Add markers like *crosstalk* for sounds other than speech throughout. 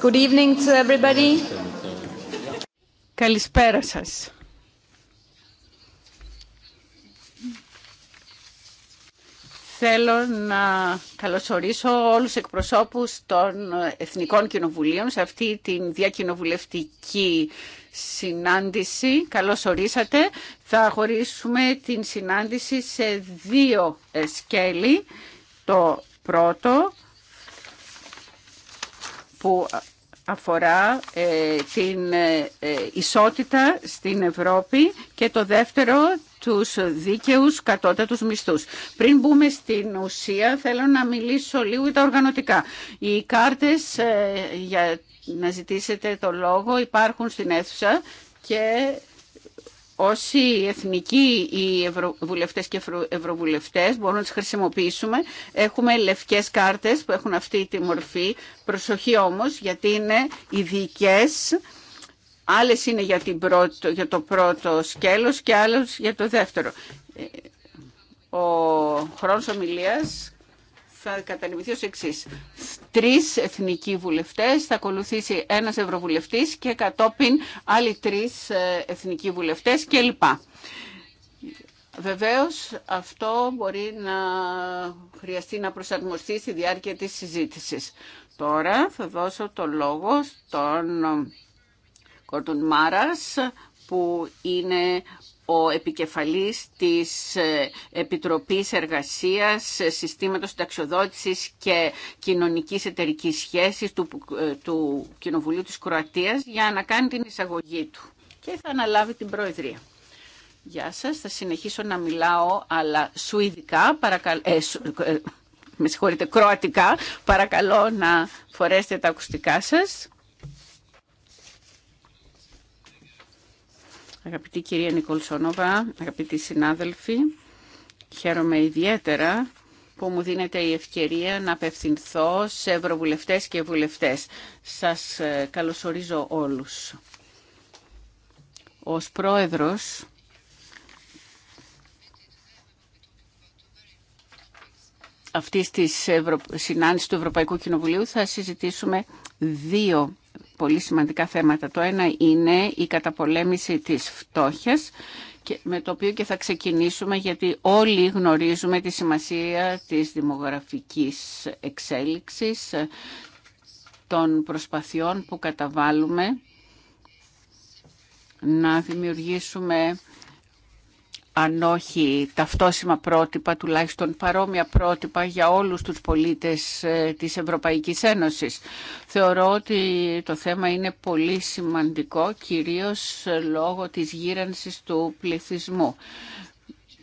Good evening to everybody. Καλησπέρα σας. Θέλω να καλωσορίσω όλους τους εκπροσώπους των Εθνικών Κοινοβουλίων σε αυτή την διακοινοβουλευτική συνάντηση. Καλώς ορίσατε. Θα χωρίσουμε την συνάντηση σε δύο σκέλη. Το πρώτο που αφορά ε, την ε, ε, ισότητα στην Ευρώπη και το δεύτερο τους δίκαιους κατώτατους μισθούς. Πριν μπούμε στην ουσία θέλω να μιλήσω λίγο για τα οργανωτικά. Οι κάρτες για να ζητήσετε το λόγο υπάρχουν στην αίθουσα και όσοι εθνικοί οι ευρωβουλευτές και ευρωβουλευτές μπορούν να τις χρησιμοποιήσουμε. Έχουμε λευκές κάρτες που έχουν αυτή τη μορφή. Προσοχή όμως γιατί είναι ειδικέ. Άλλες είναι για, την πρώτο, για το πρώτο σκέλος και άλλες για το δεύτερο. Ε, ο χρόνος ομιλίας θα κατανεμηθεί ω εξή. Τρεις εθνικοί βουλευτές, θα ακολουθήσει ένας ευρωβουλευτή και κατόπιν άλλοι τρει ε, εθνικοί βουλευτέ κλπ. Βεβαίω, αυτό μπορεί να χρειαστεί να προσαρμοστεί στη διάρκεια της συζήτηση. Τώρα θα δώσω το λόγο στον Κόρτον Μάρας που είναι ο επικεφαλής της ε, Επιτροπής Εργασίας, Συστήματος Ταξιοδότησης και Κοινωνικής Εταιρικής Σχέσης του, ε, του Κοινοβουλίου της Κροατίας για να κάνει την εισαγωγή του και θα αναλάβει την Προεδρία. Γεια σας, θα συνεχίσω να μιλάω, αλλά σουηδικά, παρακαλώ, ε, σου, ε, με συγχωρείτε, κροατικά, παρακαλώ να φορέσετε τα ακουστικά σας. Αγαπητή κυρία Νικολσόνοβα, αγαπητοί συνάδελφοι, χαίρομαι ιδιαίτερα που μου δίνεται η ευκαιρία να απευθυνθώ σε ευρωβουλευτές και βουλευτές. Σας ε, καλωσορίζω όλους. Ως πρόεδρος αυτής της συνάντησης του Ευρωπαϊκού Κοινοβουλίου θα συζητήσουμε δύο πολύ σημαντικά θέματα. Το ένα είναι η καταπολέμηση της φτώχειας με το οποίο και θα ξεκινήσουμε γιατί όλοι γνωρίζουμε τη σημασία της δημογραφικής εξέλιξης των προσπαθειών που καταβάλουμε να δημιουργήσουμε αν όχι ταυτόσιμα πρότυπα, τουλάχιστον παρόμοια πρότυπα για όλους τους πολίτες ε, της Ευρωπαϊκής Ένωσης. Θεωρώ ότι το θέμα είναι πολύ σημαντικό, κυρίως ε, λόγω της γύρανσης του πληθυσμού.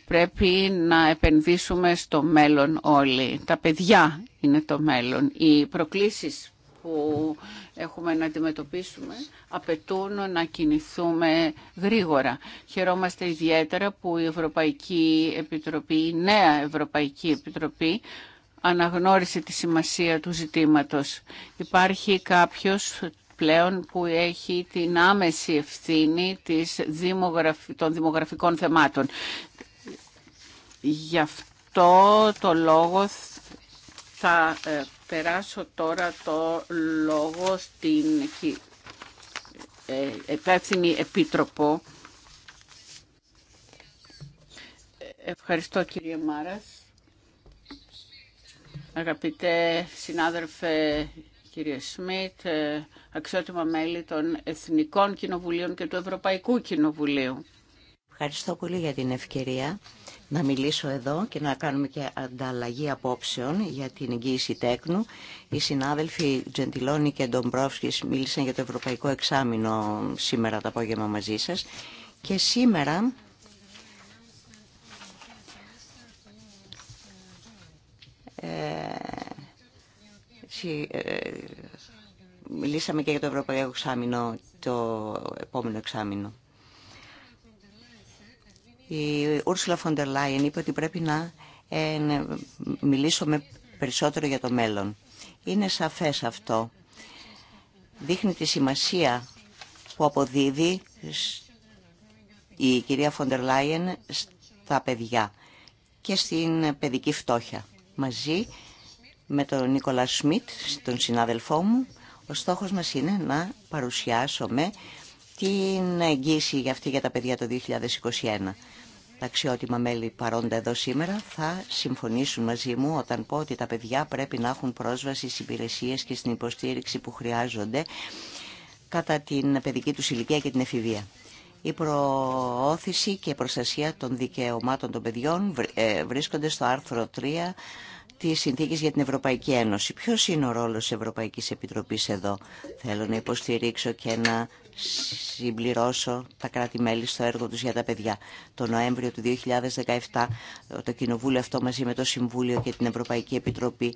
Πρέπει να επενδύσουμε στο μέλλον όλοι. Τα παιδιά είναι το μέλλον. Οι προκλήσεις που έχουμε να αντιμετωπίσουμε απαιτούν να κινηθούμε γρήγορα. Χαιρόμαστε ιδιαίτερα που η Ευρωπαϊκή Επιτροπή, η νέα Ευρωπαϊκή Επιτροπή, αναγνώρισε τη σημασία του ζητήματος. Υπάρχει κάποιος πλέον που έχει την άμεση ευθύνη της των δημογραφικών θεμάτων. Γι' αυτό το λόγο θα ε, περάσω τώρα το λόγο στην Επεύθυνη Επίτροπο. Ευχαριστώ κύριε Μάρας. Αγαπητέ συνάδελφε κύριε Σμιτ, ε, αξιότιμα μέλη των Εθνικών Κοινοβουλίων και του Ευρωπαϊκού Κοινοβουλίου. Ευχαριστώ πολύ για την ευκαιρία να μιλήσω εδώ και να κάνουμε και ανταλλαγή απόψεων για την εγγύηση τέκνου. Οι συνάδελφοι Τζεντιλόνι και Ντομπρόφσκης μίλησαν για το Ευρωπαϊκό Εξάμεινο σήμερα το απόγευμα μαζί σα. Και σήμερα ε, ε, μιλήσαμε και για το Ευρωπαϊκό Εξάμεινο το επόμενο εξάμεινο. Η Ούρσουλα Φοντερ Λάιεν είπε ότι πρέπει ε, να μιλήσουμε περισσότερο για το μέλλον. Είναι σαφές αυτό. Δείχνει τη σημασία που αποδίδει η κυρία Φοντερ Λάιεν στα παιδιά και στην παιδική φτώχεια. Μαζί με τον Νίκολα Σμιτ, τον συνάδελφό μου, ο στόχος μας είναι να παρουσιάσουμε την εγγύηση για αυτή για τα παιδιά το 2021 τα αξιότιμα μέλη παρόντα εδώ σήμερα θα συμφωνήσουν μαζί μου όταν πω ότι τα παιδιά πρέπει να έχουν πρόσβαση στις υπηρεσίες και στην υποστήριξη που χρειάζονται κατά την παιδική του ηλικία και την εφηβεία. Η προώθηση και προστασία των δικαιωμάτων των παιδιών ε, βρίσκονται στο άρθρο 3 Τη συνθήκη για την Ευρωπαϊκή Ένωση. Ποιο είναι ο ρόλο τη Ευρωπαϊκής Επιτροπής εδώ. Θέλω να υποστηρίξω και να συμπληρώσω τα κράτη-μέλη στο έργο τους για τα παιδιά. Το Νοέμβριο του 2017 το Κοινοβούλιο αυτό μαζί με το Συμβούλιο και την Ευρωπαϊκή Επιτροπή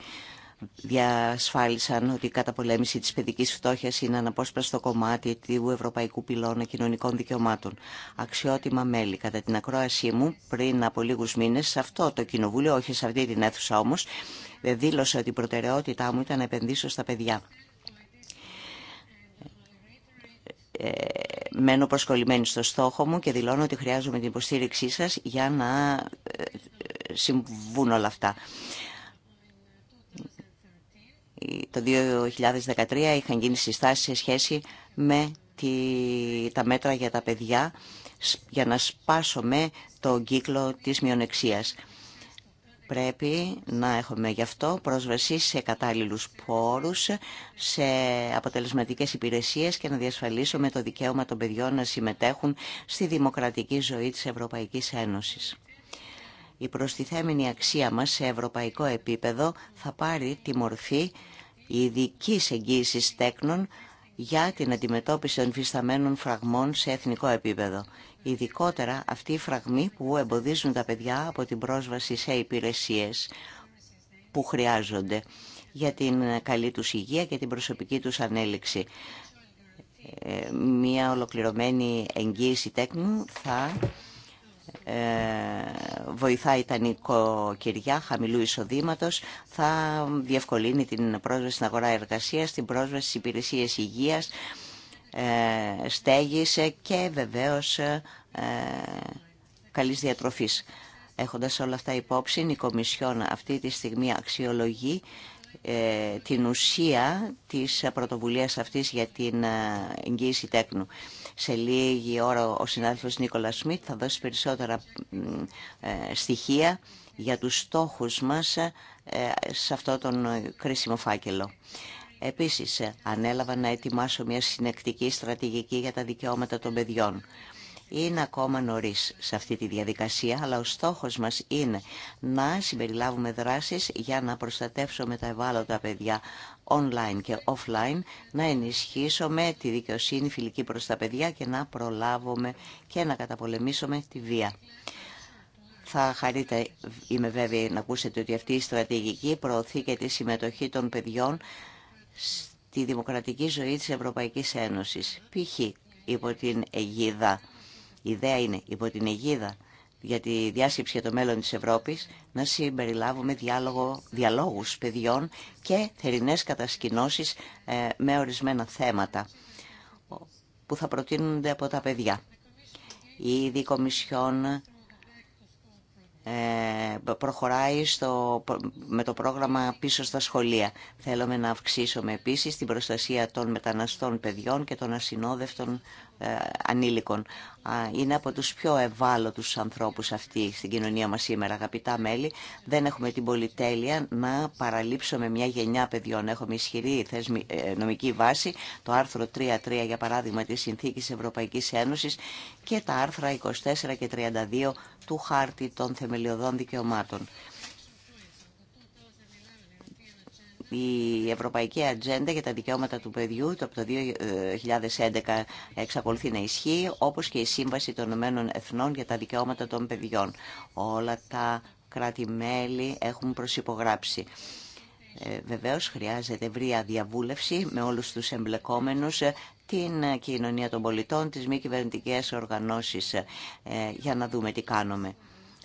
διασφάλισαν ότι η καταπολέμηση της παιδικής φτώχειας είναι αναπόσπαστο κομμάτι του Ευρωπαϊκού Πυλώνα Κοινωνικών Δικαιωμάτων. Αξιότιμα μέλη, κατά την ακρόασή μου πριν από λίγους μήνες, σε αυτό το κοινοβούλιο, όχι σε αυτή την αίθουσα όμως, δήλωσε ότι η προτεραιότητά μου ήταν να επενδύσω στα παιδιά. Ε, μένω προσκολλημένη στο στόχο μου και δηλώνω ότι χρειάζομαι την υποστήριξή σας για να ε, συμβούν όλα αυτά το 2013 είχαν γίνει συστάσεις σε σχέση με τη, τα μέτρα για τα παιδιά για να σπάσουμε τον κύκλο της μειονεξίας. Πρέπει να έχουμε γι' αυτό πρόσβαση σε κατάλληλους πόρους, σε αποτελεσματικές υπηρεσίες και να διασφαλίσουμε το δικαίωμα των παιδιών να συμμετέχουν στη δημοκρατική ζωή της Ευρωπαϊκής Ένωσης. Η προστιθέμενη αξία μας σε ευρωπαϊκό επίπεδο θα πάρει τη μορφή η ειδική εγγύηση τέκνων για την αντιμετώπιση των φυσταμένων φραγμών σε εθνικό επίπεδο. Ειδικότερα αυτοί οι φραγμοί που εμποδίζουν τα παιδιά από την πρόσβαση σε υπηρεσίες που χρειάζονται για την καλή τους υγεία και την προσωπική τους ανέλυξη. Ε, Μία ολοκληρωμένη εγγύηση τέκνου θα ε, βοηθάει τα νοικοκυριά χαμηλού εισοδήματος, θα διευκολύνει την πρόσβαση στην αγορά εργασίας, την πρόσβαση στις υπηρεσίες υγείας, ε, στέγης και βεβαίως ε, καλής διατροφής. Έχοντας όλα αυτά υπόψη, η Κομισιόν αυτή τη στιγμή αξιολογεί την ουσία της πρωτοβουλίας αυτής για την εγγύηση τέκνου. Σε λίγη ώρα ο συνάδελφος Νίκολα Σμιτ θα δώσει περισσότερα ε, στοιχεία για τους στόχους μας ε, σε αυτό τον κρίσιμο φάκελο. Επίσης, ε, ανέλαβα να ετοιμάσω μια συνεκτική στρατηγική για τα δικαιώματα των παιδιών. Είναι ακόμα νωρί σε αυτή τη διαδικασία, αλλά ο στόχος μας είναι να συμπεριλάβουμε δράσεις για να προστατεύσουμε τα ευάλωτα παιδιά online και offline, να ενισχύσουμε τη δικαιοσύνη φιλική προς τα παιδιά και να προλάβουμε και να καταπολεμήσουμε τη βία. Θα χαρείτε, είμαι βέβαιη, να ακούσετε ότι αυτή η στρατηγική προωθεί και τη συμμετοχή των παιδιών στη δημοκρατική ζωή της Ευρωπαϊκής Ένωσης. Π.χ. υπό την αιγίδα, η ιδέα είναι υπό την αιγίδα για τη διάσκεψη για το μέλλον της Ευρώπης να συμπεριλάβουμε διάλογο, διαλόγους παιδιών και θερινές κατασκηνώσεις ε, με ορισμένα θέματα που θα προτείνονται από τα παιδιά. Η Κομισιόν ε, προχωράει στο, με το πρόγραμμα πίσω στα σχολεία. Θέλουμε να αυξήσουμε επίσης την προστασία των μεταναστών παιδιών και των ασυνόδευτων ε, ανήλικων. Είναι από τους πιο ευάλωτους ανθρώπους αυτοί στην κοινωνία μας σήμερα, αγαπητά μέλη. Δεν έχουμε την πολυτέλεια να παραλείψουμε μια γενιά παιδιών. Έχουμε ισχυρή θεσμι... Ε, νομική βάση, το άρθρο 3.3 για παράδειγμα της Συνθήκης Ευρωπαϊκής Ένωσης και τα άρθρα 24 και 32 του Χάρτη των Θεμελιωδών Δικαιωμάτων. Η Ευρωπαϊκή Ατζέντα για τα Δικαιώματα του Παιδιού το από το 2011 ε, εξακολουθεί να ισχύει, όπως και η Σύμβαση των Ηνωμένων Εθνών για τα Δικαιώματα των Παιδιών. Όλα τα κράτη-μέλη έχουν προσυπογράψει. Ε, βεβαίως χρειάζεται ευρία διαβούλευση με όλους τους εμπλεκόμενους ε, την κοινωνία των πολιτών, τις μη κυβερνητικέ οργανώσεις για να δούμε τι κάνουμε.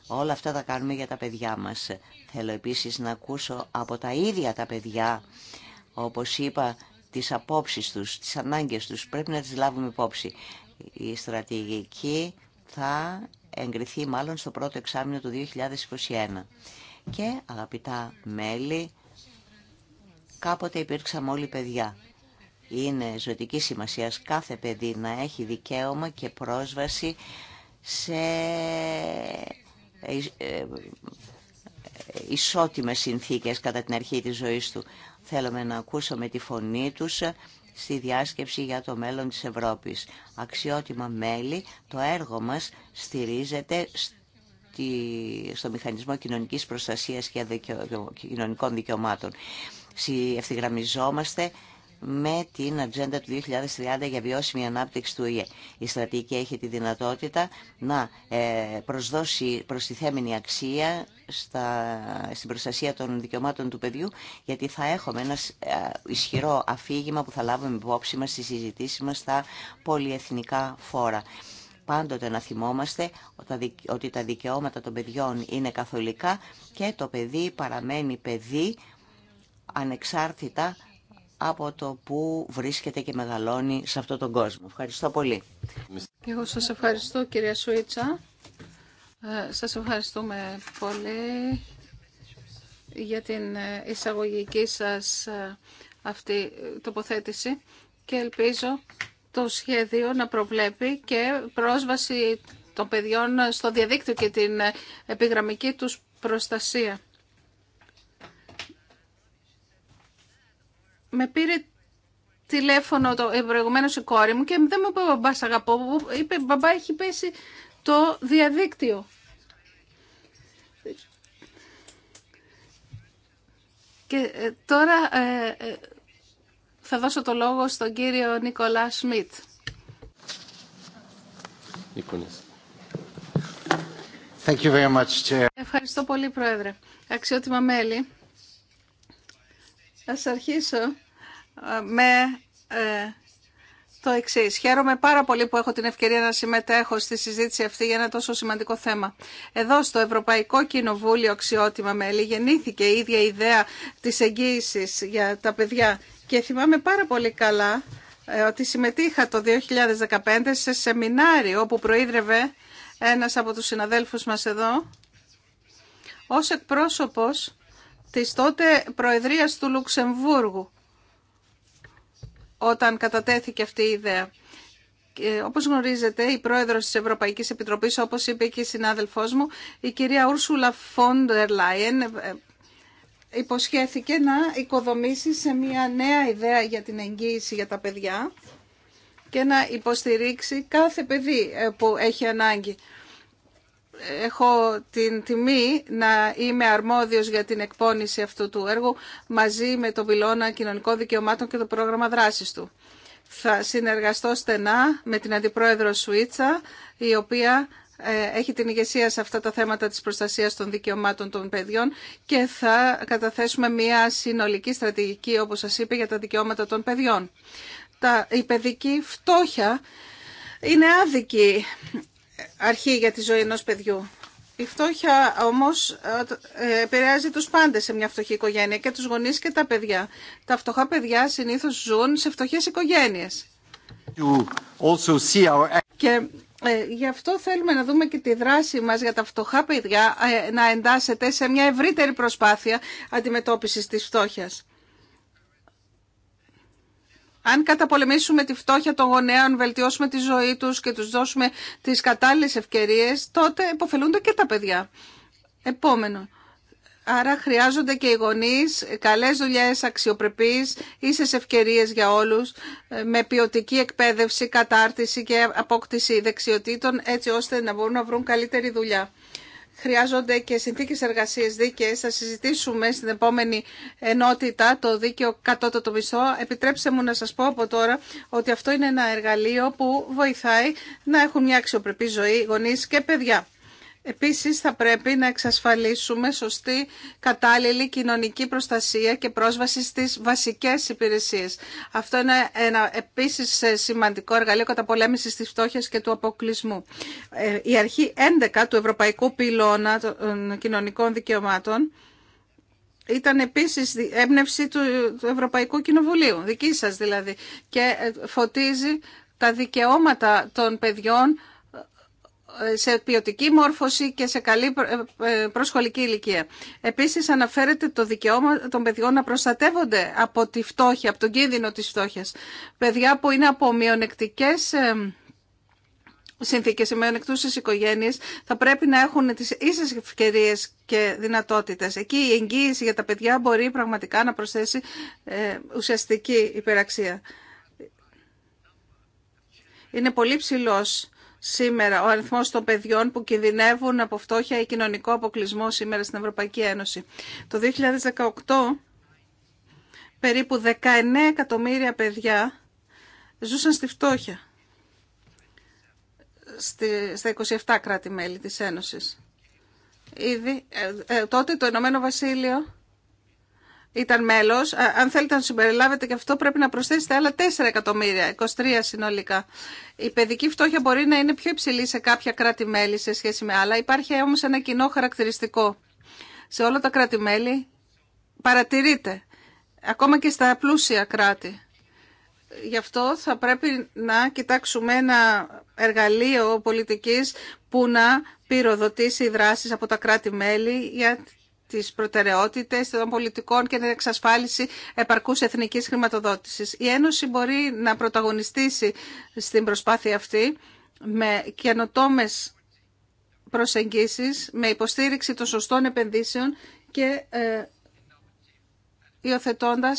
Όλα αυτά τα κάνουμε για τα παιδιά μας. Θέλω επίσης να ακούσω από τα ίδια τα παιδιά, όπως είπα, τις απόψεις τους, τις ανάγκες τους. Πρέπει να τις λάβουμε υπόψη. Η στρατηγική θα εγκριθεί μάλλον στο πρώτο εξάμεινο του 2021. Και αγαπητά μέλη, κάποτε υπήρξαμε όλοι παιδιά. Είναι ζωτική σημασία κάθε παιδί να έχει δικαίωμα και πρόσβαση σε ε, ε, ισότιμες συνθήκες κατά την αρχή της ζωής του. Θέλουμε να ακούσουμε τη φωνή τους στη διάσκεψη για το μέλλον της Ευρώπης. Αξιότιμα μέλη, το έργο μας στηρίζεται στο Μηχανισμό Κοινωνικής Προστασίας και Κοινωνικών Δικαιωμάτων. Ευθυγραμμιζόμαστε με την ατζέντα του 2030 για βιώσιμη ανάπτυξη του ΙΕ. Η στρατηγική έχει τη δυνατότητα να ε, προσδώσει προστιθέμενη αξία στα, στην προστασία των δικαιωμάτων του παιδιού, γιατί θα έχουμε ένα ε, ισχυρό αφήγημα που θα λάβουμε υπόψη μας στις συζητήσεις μας στα πολυεθνικά φόρα. Πάντοτε να θυμόμαστε ότι τα δικαιώματα των παιδιών είναι καθολικά και το παιδί παραμένει παιδί ανεξάρτητα από το που βρίσκεται και μεγαλώνει σε αυτόν τον κόσμο. Ευχαριστώ πολύ. Εγώ σας ευχαριστώ κυρία Σουίτσα. Ε, σας ευχαριστούμε πολύ για την ε, εισαγωγική σας ε, αυτή τοποθέτηση και ελπίζω το σχέδιο να προβλέπει και πρόσβαση των παιδιών στο διαδίκτυο και την επιγραμμική τους προστασία. με πήρε τηλέφωνο το προηγουμένω η κόρη μου και δεν μου είπε μπαμπά σ' αγαπώ, είπε μπαμπά έχει πέσει το διαδίκτυο. Και ε, τώρα ε, ε, θα δώσω το λόγο στον κύριο Νικολά Σμιτ. Thank you very much, Ευχαριστώ πολύ, Πρόεδρε. Αξιότιμα μέλη. Ας αρχίσω με ε, το εξή. Χαίρομαι πάρα πολύ που έχω την ευκαιρία να συμμετέχω στη συζήτηση αυτή για ένα τόσο σημαντικό θέμα. Εδώ στο Ευρωπαϊκό Κοινοβούλιο, αξιότιμα μέλη, γεννήθηκε η ίδια ιδέα της εγγύηση για τα παιδιά. Και θυμάμαι πάρα πολύ καλά ε, ότι συμμετείχα το 2015 σε σεμινάριο όπου προείδρευε ένας από τους συναδέλφους μας εδώ ως εκπρόσωπος της τότε Προεδρίας του Λουξεμβούργου όταν κατατέθηκε αυτή η ιδέα. Και όπως γνωρίζετε, η πρόεδρος της Ευρωπαϊκής Επιτροπής, όπως είπε και η συνάδελφός μου, η κυρία Ούρσουλα Φόντερ Λάιεν, ε, υποσχέθηκε να οικοδομήσει σε μια νέα ιδέα για την εγγύηση για τα παιδιά και να υποστηρίξει κάθε παιδί ε, που έχει ανάγκη έχω την τιμή να είμαι αρμόδιος για την εκπόνηση αυτού του έργου μαζί με το πυλώνα κοινωνικών δικαιωμάτων και το πρόγραμμα δράσης του. Θα συνεργαστώ στενά με την Αντιπρόεδρο Σουίτσα, η οποία ε, έχει την ηγεσία σε αυτά τα θέματα της προστασίας των δικαιωμάτων των παιδιών και θα καταθέσουμε μια συνολική στρατηγική, όπως σας είπε, για τα δικαιώματα των παιδιών. Τα, η παιδική φτώχεια είναι άδικη αρχή για τη ζωή ενός παιδιού. Η φτώχεια όμως ε, επηρεάζει τους πάντες σε μια φτωχή οικογένεια και τους γονείς και τα παιδιά. Τα φτωχά παιδιά συνήθως ζουν σε φτωχές οικογένειες. Και ε, γι' αυτό θέλουμε να δούμε και τη δράση μας για τα φτωχά παιδιά ε, να εντάσσεται σε μια ευρύτερη προσπάθεια αντιμετώπισης της φτώχειας. Αν καταπολεμήσουμε τη φτώχεια των γονέων, βελτιώσουμε τη ζωή τους και τους δώσουμε τις κατάλληλε ευκαιρίες, τότε υποφελούνται και τα παιδιά. Επόμενο. Άρα χρειάζονται και οι γονείς καλές δουλειές, αξιοπρεπείς, ίσες ευκαιρίες για όλους, ε, με ποιοτική εκπαίδευση, κατάρτιση και απόκτηση δεξιοτήτων, έτσι ώστε να μπορούν να βρουν καλύτερη δουλειά χρειάζονται και συνθήκες εργασίες δίκαιες. Θα συζητήσουμε στην επόμενη ενότητα το δίκαιο κατώτατο μισθό. Επιτρέψτε μου να σας πω από τώρα ότι αυτό είναι ένα εργαλείο που βοηθάει να έχουν μια αξιοπρεπή ζωή γονείς και παιδιά. Επίσης θα πρέπει να εξασφαλίσουμε σωστή κατάλληλη κοινωνική προστασία και πρόσβαση στις βασικές υπηρεσίες. Αυτό είναι ένα επίσης σημαντικό εργαλείο πολέμηση της φτώχειας και του αποκλεισμού. Ε, η αρχή 11 του Ευρωπαϊκού Πυλώνα των Κοινωνικών Δικαιωμάτων ήταν επίσης έμπνευση του Ευρωπαϊκού Κοινοβουλίου, δική σας δηλαδή, και ε, φωτίζει τα δικαιώματα των παιδιών σε ποιοτική μόρφωση και σε καλή ε, προσχολική ηλικία. Επίσης αναφέρεται το δικαίωμα των παιδιών να προστατεύονται από τη φτώχεια, από τον κίνδυνο της φτώχειας. Παιδιά που είναι από μειονεκτικές ε, συνθήκες, οι μειονεκτούσες οικογένειες θα πρέπει να έχουν τις ίσες ευκαιρίες και δυνατότητες. Εκεί η εγγύηση για τα παιδιά μπορεί πραγματικά να προσθέσει ε, ουσιαστική υπεραξία. Είναι πολύ ψηλός σήμερα ο αριθμό των παιδιών που κινδυνεύουν από φτώχεια ή κοινωνικό αποκλεισμό σήμερα στην Ευρωπαϊκή Ένωση. Το 2018 περίπου 19 εκατομμύρια παιδιά ζούσαν στη φτώχεια στα 27 κράτη-μέλη της Ένωσης. Ήδη, ε, ε, τότε το Ηνωμένο Βασίλειο ήταν μέλο, Αν θέλετε να συμπεριλάβετε και αυτό πρέπει να προσθέσετε άλλα 4 εκατομμύρια, 23 συνολικά. Η παιδική φτώχεια μπορεί να είναι πιο υψηλή σε κάποια κράτη-μέλη σε σχέση με άλλα. Υπάρχει όμω ένα κοινό χαρακτηριστικό. Σε όλα τα κράτη-μέλη παρατηρείται, ακόμα και στα πλούσια κράτη. Γι' αυτό θα πρέπει να κοιτάξουμε ένα εργαλείο πολιτικής που να πυροδοτήσει δράσεις από τα κράτη-μέλη τι προτεραιότητε των πολιτικών και την εξασφάλιση επαρκούς εθνικής χρηματοδότησης. Η Ένωση μπορεί να πρωταγωνιστήσει στην προσπάθεια αυτή με καινοτόμε προσεγγίσεις, με υποστήριξη των σωστών επενδύσεων και ε, υιοθετώντα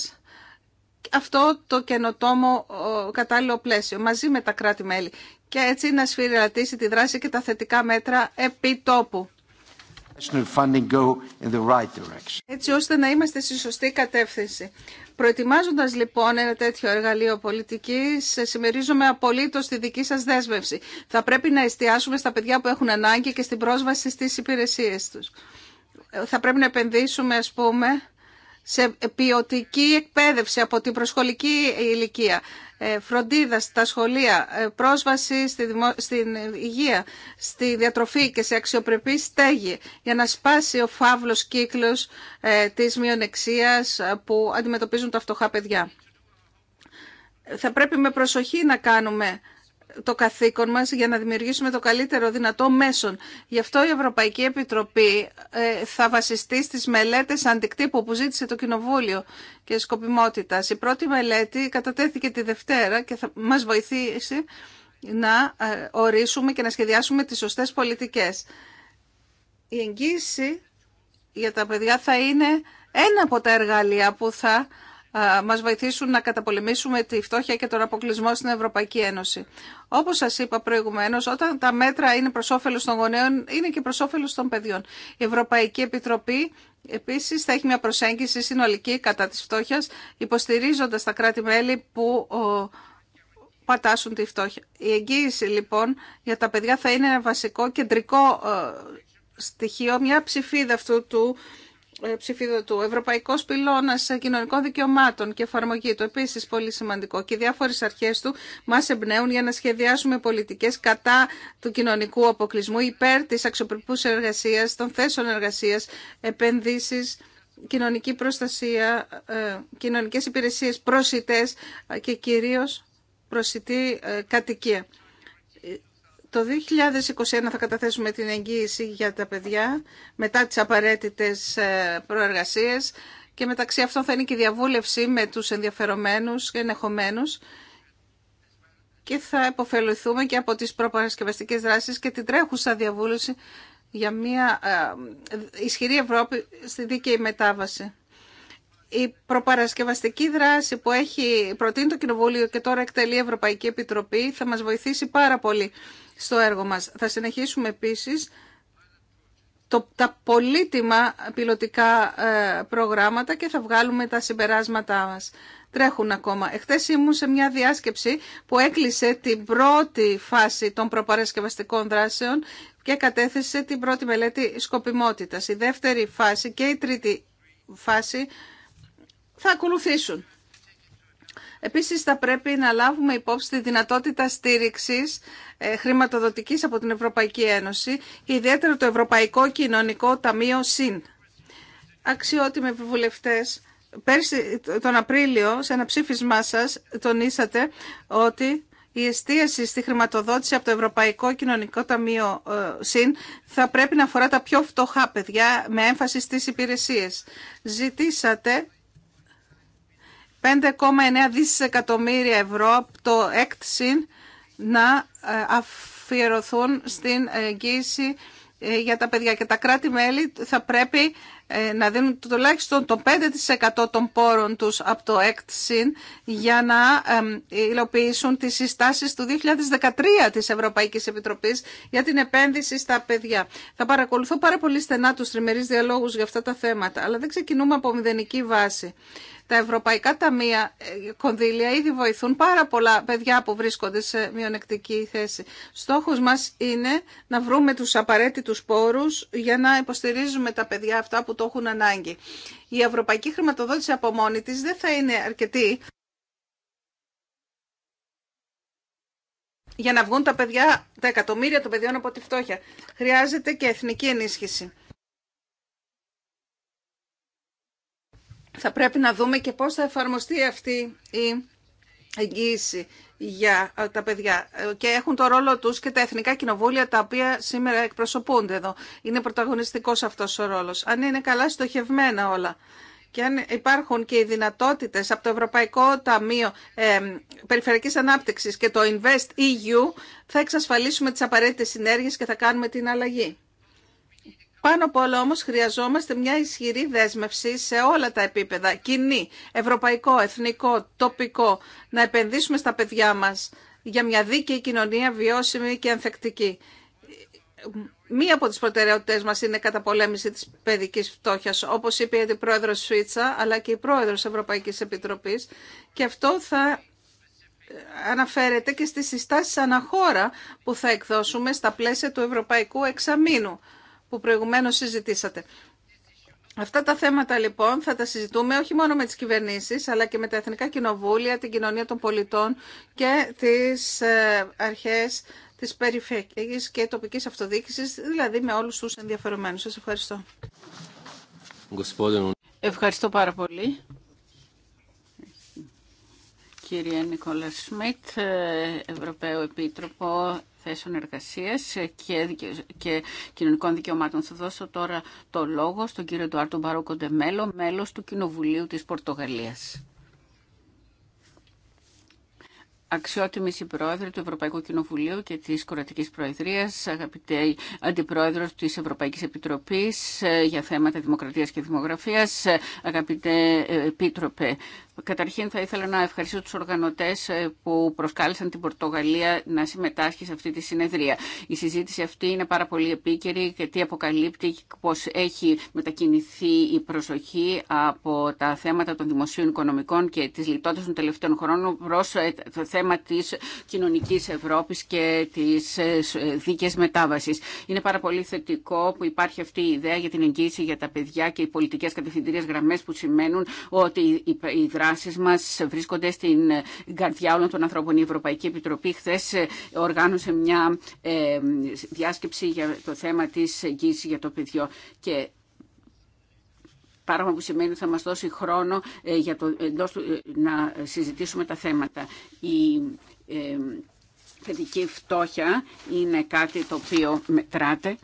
αυτό το καινοτόμο κατάλληλο πλαίσιο μαζί με τα κράτη-μέλη και έτσι να σφυριλατήσει τη δράση και τα θετικά μέτρα επί τόπου έτσι ώστε να είμαστε στη σωστή κατεύθυνση. Προετοιμάζοντα λοιπόν ένα τέτοιο εργαλείο πολιτικής, συμμερίζομαι απολύτω τη δική σας δέσμευση. Θα πρέπει να εστιάσουμε στα παιδιά που έχουν ανάγκη και στην πρόσβαση στις υπηρεσίες τους. Ε, θα πρέπει να επενδύσουμε, ας πούμε, σε ποιοτική εκπαίδευση από την προσχολική ηλικία, ε, φροντίδα στα σχολεία, ε, πρόσβαση στην υγεία, στη διατροφή και σε αξιοπρεπή στέγη για να σπάσει ο φαύλος κύκλος ε, της μειονεξίας που αντιμετωπίζουν τα φτωχά παιδιά. Θα πρέπει με προσοχή να κάνουμε το καθήκον μας για να δημιουργήσουμε το καλύτερο δυνατό μέσον. Γι' αυτό η Ευρωπαϊκή Επιτροπή ε, θα βασιστεί στις μελέτες αντικτύπου που ζήτησε το Κοινοβούλιο και σκοπιμότητας. Η πρώτη μελέτη κατατέθηκε τη Δευτέρα και θα μας βοηθήσει να ε, ορίσουμε και να σχεδιάσουμε τις σωστές πολιτικές. Η εγγύηση για τα παιδιά θα είναι ένα από τα εργαλεία που θα μας βοηθήσουν να καταπολεμήσουμε τη φτώχεια και τον αποκλεισμό στην Ευρωπαϊκή Ένωση. Όπως σας είπα προηγουμένως, όταν τα μέτρα είναι προ όφελο των γονέων, είναι και προ όφελο των παιδιών. Η Ευρωπαϊκή Επιτροπή Επίσης θα έχει μια προσέγγιση συνολική κατά της φτώχεια, υποστηρίζοντας τα κράτη-μέλη που πατάσουν τη φτώχεια. Η εγγύηση λοιπόν για τα παιδιά θα είναι ένα βασικό κεντρικό ε, στοιχείο, μια ψηφίδα αυτού του ε, του Ευρωπαϊκός πυλώνα ε, Κοινωνικών Δικαιωμάτων και εφαρμογή του, Επίση, πολύ σημαντικό και οι διάφορες αρχές του μα εμπνέουν για να σχεδιάσουμε πολιτικέ κατά του κοινωνικού αποκλεισμού, υπέρ τη αξιοπρεπούς εργασία, των θέσεων εργασία, επενδύσεις, κοινωνική προστασία, ε, κοινωνικές υπηρεσίες, προσιτές και κυρίως προσιτή κατοικία. Το 2021 θα καταθέσουμε την εγγύηση για τα παιδιά μετά τις απαραίτητες ε, προεργασίες και μεταξύ αυτών θα είναι και η διαβούλευση με τους ενδιαφερομένους και ενεχομένους και θα επωφεληθούμε και από τις προπαρασκευαστικές δράσεις και την τρέχουσα διαβούλευση για μια ε, ισχυρή Ευρώπη στη δίκαιη μετάβαση. Η προπαρασκευαστική δράση που έχει προτείνει το Κοινοβούλιο και τώρα εκτελεί η Ευρωπαϊκή Επιτροπή θα μας βοηθήσει πάρα πολύ στο έργο μας. Θα συνεχίσουμε επίσης το, τα πολύτιμα πιλωτικά ε, προγράμματα και θα βγάλουμε τα συμπεράσματά μας. Τρέχουν ακόμα. Εχθές ήμουν σε μια διάσκεψη που έκλεισε την πρώτη φάση των προπαρασκευαστικών δράσεων και κατέθεσε την πρώτη μελέτη σκοπιμότητας. Η δεύτερη φάση και η τρίτη φάση θα ακολουθήσουν. Επίσης θα πρέπει να λάβουμε υπόψη τη δυνατότητα στήριξης ε, χρηματοδοτικής από την Ευρωπαϊκή Ένωση ιδιαίτερα το Ευρωπαϊκό Κοινωνικό Ταμείο ΣΥΝ. Αξιότιμοι βουλευτές, πέρσι τον Απρίλιο σε ένα ψήφισμά σας τονίσατε ότι η εστίαση στη χρηματοδότηση από το Ευρωπαϊκό Κοινωνικό Ταμείο ε, ΣΥΝ θα πρέπει να αφορά τα πιο φτωχά παιδιά με έμφαση στις υπηρεσίες. Ζητήσατε 5,9 δισεκατομμύρια ευρώ από το έκτηση να ε, αφιερωθούν στην εγγύηση ε, για τα παιδιά. Και τα κράτη-μέλη θα πρέπει ε, να δίνουν τουλάχιστον το 5% των πόρων τους από το ΕΚΤΣΙΝ για να υλοποιήσουν τις συστάσεις του 2013 της Ευρωπαϊκής Επιτροπής για την επένδυση στα παιδιά. Θα παρακολουθώ πάρα πολύ στενά τους τριμερείς διαλόγους για αυτά τα θέματα, αλλά δεν ξεκινούμε από μηδενική βάση. Τα ευρωπαϊκά ταμεία ε, κονδύλια ήδη βοηθούν πάρα πολλά παιδιά που βρίσκονται σε μειονεκτική θέση. Στόχος μας είναι να βρούμε τους απαραίτητους πόρους για να υποστηρίζουμε τα παιδιά αυτά που το έχουν ανάγκη. Η ευρωπαϊκή χρηματοδότηση από μόνη της δεν θα είναι αρκετή για να βγουν τα παιδιά, τα εκατομμύρια των παιδιών από τη φτώχεια. Χρειάζεται και εθνική ενίσχυση. Θα πρέπει να δούμε και πώς θα εφαρμοστεί αυτή η εγγύηση για ε, τα παιδιά ε, και έχουν το ρόλο τους και τα εθνικά κοινοβούλια τα οποία σήμερα εκπροσωπούνται εδώ. Είναι πρωταγωνιστικός αυτός ο ρόλος. Αν είναι καλά στοχευμένα όλα και αν υπάρχουν και οι δυνατότητες από το Ευρωπαϊκό Ταμείο ε, Περιφερειακής Ανάπτυξης και το Invest EU θα εξασφαλίσουμε τις απαραίτητες συνέργειες και θα κάνουμε την αλλαγή. Πάνω από όλα όμως χρειαζόμαστε μια ισχυρή δέσμευση σε όλα τα επίπεδα, κοινή, ευρωπαϊκό, εθνικό, τοπικό, να επενδύσουμε στα παιδιά μας για μια δίκαιη κοινωνία βιώσιμη και ανθεκτική. Μία από τις προτεραιότητες μας είναι η καταπολέμηση της παιδικής φτώχειας, όπως είπε η Αντιπρόεδρος Σουίτσα, αλλά και η Πρόεδρος Ευρωπαϊκής Επιτροπής. Και αυτό θα αναφέρεται και στις συστάσεις αναχώρα που θα εκδώσουμε στα πλαίσια του Ευρωπαϊκού Εξαμήνου που προηγουμένως συζητήσατε. Αυτά τα θέματα λοιπόν θα τα συζητούμε όχι μόνο με τις κυβερνήσεις αλλά και με τα Εθνικά Κοινοβούλια, την κοινωνία των πολιτών και τις ε, αρχές της περιφερειακής και τοπικής αυτοδιοίκησης, δηλαδή με όλους τους ενδιαφερομένους. Σας ευχαριστώ. Ευχαριστώ πάρα πολύ. Κύριε Νικόλα Σμιτ, ε, Ευρωπαίο Επίτροπο θέσεων εργασίας και, κοινωνικών δικαιωμάτων. Θα δώσω τώρα το λόγο στον κύριο Ντουάρτο Μπαρόκοντε Μέλο, μέλος του Κοινοβουλίου της Πορτογαλίας. Αξιότιμη Συμπρόεδρε του Ευρωπαϊκού Κοινοβουλίου και τη Κορατική Προεδρία, αγαπητέ Αντιπρόεδρο τη Ευρωπαϊκή Επιτροπή ε, για θέματα δημοκρατία και δημογραφία, ε, αγαπητέ ε, Επίτροπε, Καταρχήν θα ήθελα να ευχαριστήσω τους οργανωτές ε, που προσκάλεσαν την Πορτογαλία να συμμετάσχει σε αυτή τη συνεδρία. Η συζήτηση αυτή είναι πάρα πολύ επίκαιρη και τι αποκαλύπτει πώς έχει μετακινηθεί η προσοχή από τα θέματα των δημοσίων οικονομικών και της λιτότητας των τελευταίων χρόνων προς ε, το θέμα της κοινωνικής Ευρώπης και της ε, δίκαιης μετάβασης. Είναι πάρα πολύ θετικό που υπάρχει αυτή η ιδέα για την εγγύηση για τα παιδιά και οι πολιτικές κατευθυντήριες γραμμές που σημαίνουν ότι η δράση δράσει μα βρίσκονται στην καρδιά όλων των ανθρώπων. Η Ευρωπαϊκή Επιτροπή χθε ε, οργάνωσε μια ε, διάσκεψη για το θέμα τη εγγύηση για το παιδιό και Πράγμα που σημαίνει ότι θα μας δώσει χρόνο ε, για το, να συζητήσουμε τα θέματα. Η, παιδική φτώχεια είναι κάτι το οποίο μετράται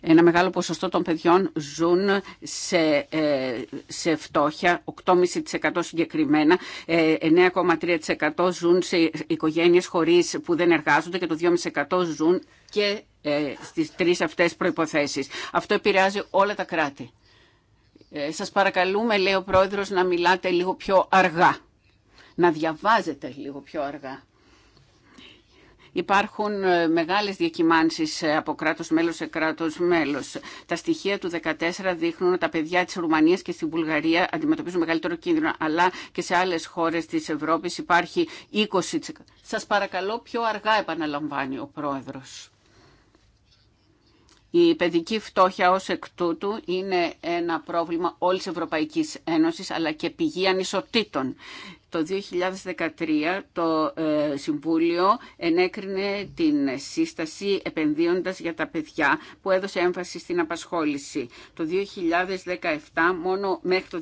ένα μεγάλο ποσοστό των παιδιών ζουν σε, ε, σε φτώχεια, 8,5% συγκεκριμένα, 9,3% ε, ζουν σε οικογένειες χωρίς που δεν εργάζονται και το 2,5% ζουν και ε, στις τρεις αυτές προϋποθέσεις. Αυτό επηρεάζει όλα τα κράτη. Σας παρακαλούμε, λέει ο Πρόεδρος, να μιλάτε λίγο πιο αργά, να διαβάζετε λίγο πιο αργά υπάρχουν ε, μεγάλες διακυμάνσεις ε, από κράτος μέλος σε κράτος μέλος. Τα στοιχεία του 2014 δείχνουν ότι τα παιδιά της Ρουμανίας και στην Βουλγαρία αντιμετωπίζουν μεγαλύτερο κίνδυνο, αλλά και σε άλλες χώρες της Ευρώπης υπάρχει 20%. Σας παρακαλώ πιο αργά επαναλαμβάνει ο Πρόεδρος. Η παιδική φτώχεια ως εκ τούτου είναι ένα πρόβλημα όλης Ευρωπαϊκής Ένωσης αλλά και πηγή ανισοτήτων το 2013 το ε, Συμβούλιο ενέκρινε την σύσταση επενδύοντας για τα παιδιά που έδωσε έμφαση στην απασχόληση. Το 2017 μόνο, μέχρι το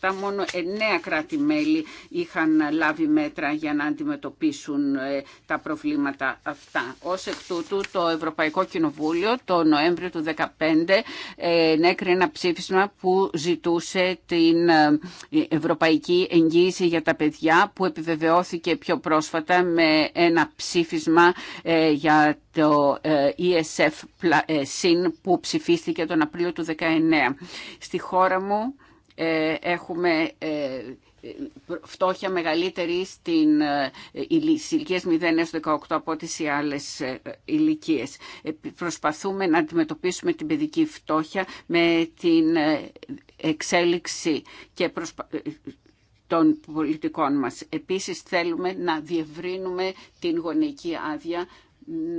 2017 μόνο εννέα κράτη-μέλη είχαν λάβει μέτρα για να αντιμετωπίσουν ε, τα προβλήματα αυτά. Ως εκ τούτου το Ευρωπαϊκό Κοινοβούλιο το Νοέμβριο του 2015 ε, ενέκρινε ένα ψήφισμα που ζητούσε την Ευρωπαϊκή Εγγύηση για τα παιδιά που επιβεβαιώθηκε πιο πρόσφατα με ένα ψήφισμα ε, για το ε, esf ε, ΣΥΝ που ψηφίστηκε τον Απρίλιο του 2019. Στη χώρα μου έχουμε φτώχεια μεγαλύτερη στην ηλικίες 0 έως 18 από ό,τι οι άλλες ηλικίες. Προσπαθούμε να αντιμετωπίσουμε την παιδική φτώχεια με την εξέλιξη και προσπα των πολιτικών μας. Επίσης θέλουμε να διευρύνουμε την γονική άδεια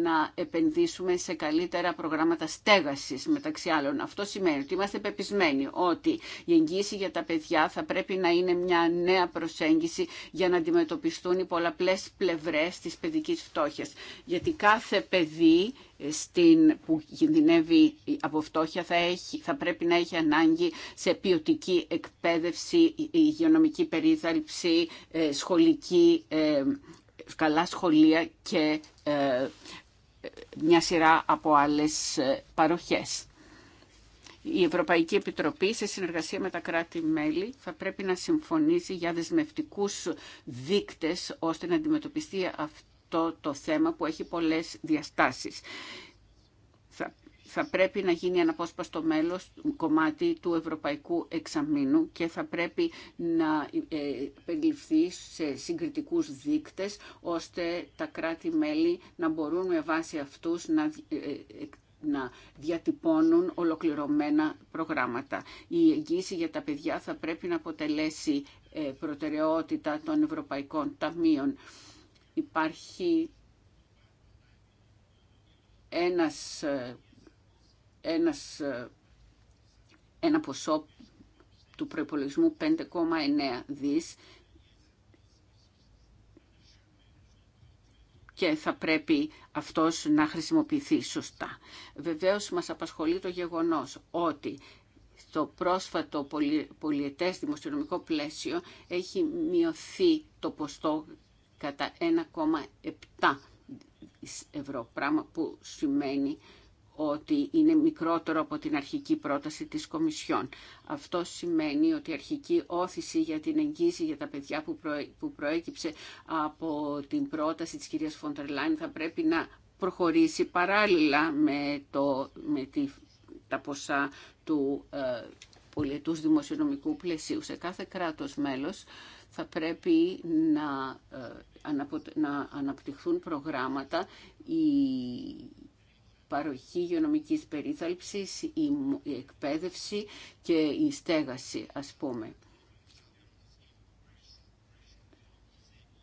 να επενδύσουμε σε καλύτερα προγράμματα στέγασης μεταξύ άλλων. Αυτό σημαίνει ότι είμαστε πεπισμένοι ότι η εγγύηση για τα παιδιά θα πρέπει να είναι μια νέα προσέγγιση για να αντιμετωπιστούν οι πολλαπλές πλευρές της παιδικής φτώχειας. Γιατί κάθε παιδί ε, στην, που κινδυνεύει από φτώχεια θα, έχει, θα πρέπει να έχει ανάγκη σε ποιοτική εκπαίδευση, υγειονομική περίθαλψη, ε, σχολική ε, καλά σχολεία και ε, μια σειρά από άλλες ε, παροχές. Η Ευρωπαϊκή Επιτροπή, σε συνεργασία με τα κράτη-μέλη, θα πρέπει να συμφωνήσει για δεσμευτικούς δείκτες ώστε να αντιμετωπιστεί αυτό το θέμα που έχει πολλές διαστάσεις θα πρέπει να γίνει αναπόσπαστο μέλος κομμάτι του Ευρωπαϊκού Εξαμήνου και θα πρέπει να ε, περιληφθεί σε συγκριτικούς δείκτες ώστε τα κράτη-μέλη να μπορούν με βάση αυτούς να ε, ε, να διατυπώνουν ολοκληρωμένα προγράμματα. Η εγγύηση για τα παιδιά θα πρέπει να αποτελέσει προτεραιότητα των Ευρωπαϊκών Ταμείων. Υπάρχει ένας ένας, ε, ένα ποσό του προϋπολογισμού 5,9 δις και θα πρέπει αυτός να χρησιμοποιηθεί σωστά. Βεβαίως μας απασχολεί το γεγονός ότι στο πρόσφατο πολιετές δημοσιονομικό πλαίσιο έχει μειωθεί το ποστό κατά 1,7 ευρώ, πράγμα που σημαίνει ότι είναι μικρότερο από την αρχική πρόταση της Κομισιόν. Αυτό σημαίνει ότι η αρχική όθηση για την εγγύηση για τα παιδιά που προέκυψε από την πρόταση της κυρίας Φόντερ θα πρέπει να προχωρήσει παράλληλα με, το, με τα ποσά του ε, πολιετούς δημοσιονομικού πλαισίου. Σε κάθε κράτος μέλος θα πρέπει να, ε, να αναπτυχθούν προγράμματα παροχή υγειονομικής περίθαλψης, η εκπαίδευση και η στέγαση, ας πούμε.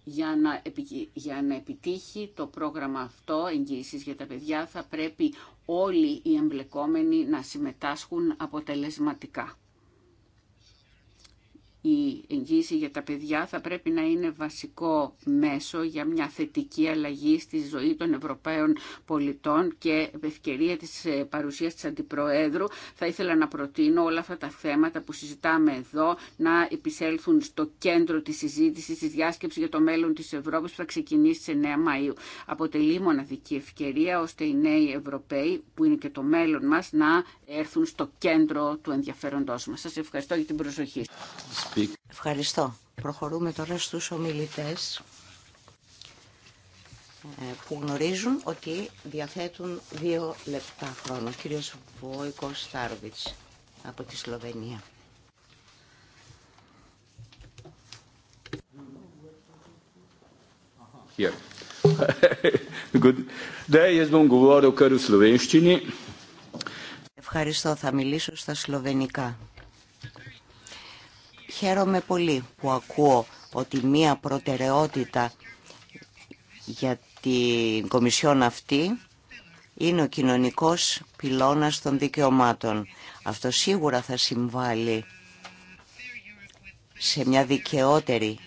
Για να, να επιτύχει το πρόγραμμα αυτό εγγύησης για τα παιδιά θα πρέπει όλοι οι εμπλεκόμενοι να συμμετάσχουν αποτελεσματικά η εγγύηση για τα παιδιά θα πρέπει να είναι βασικό μέσο για μια θετική αλλαγή στη ζωή των Ευρωπαίων πολιτών και ευκαιρία της ε, παρουσίας της Αντιπροέδρου. Θα ήθελα να προτείνω όλα αυτά τα θέματα που συζητάμε εδώ να επισέλθουν στο κέντρο της συζήτησης της διάσκεψης για το μέλλον της Ευρώπης που θα ξεκινήσει σε 9 Μαΐου. Αποτελεί μοναδική ευκαιρία ώστε οι νέοι Ευρωπαίοι που είναι και το μέλλον μας να έρθουν στο κέντρο του ενδιαφέροντός μας. Σας ευχαριστώ για την προσοχή. Ευχαριστώ. Προχωρούμε τώρα στους ομιλητές ε, που γνωρίζουν ότι διαθέτουν δύο λεπτά χρόνο. Ο κύριος Βόικος από τη Σλοβενία. *laughs* Ευχαριστώ. Θα μιλήσω στα σλοβενικά. Χαίρομαι πολύ που ακούω ότι μία προτεραιότητα για την Κομισιόν αυτή είναι ο κοινωνικός πυλώνας των δικαιωμάτων. Αυτό σίγουρα θα συμβάλλει σε μια δικαιότερη,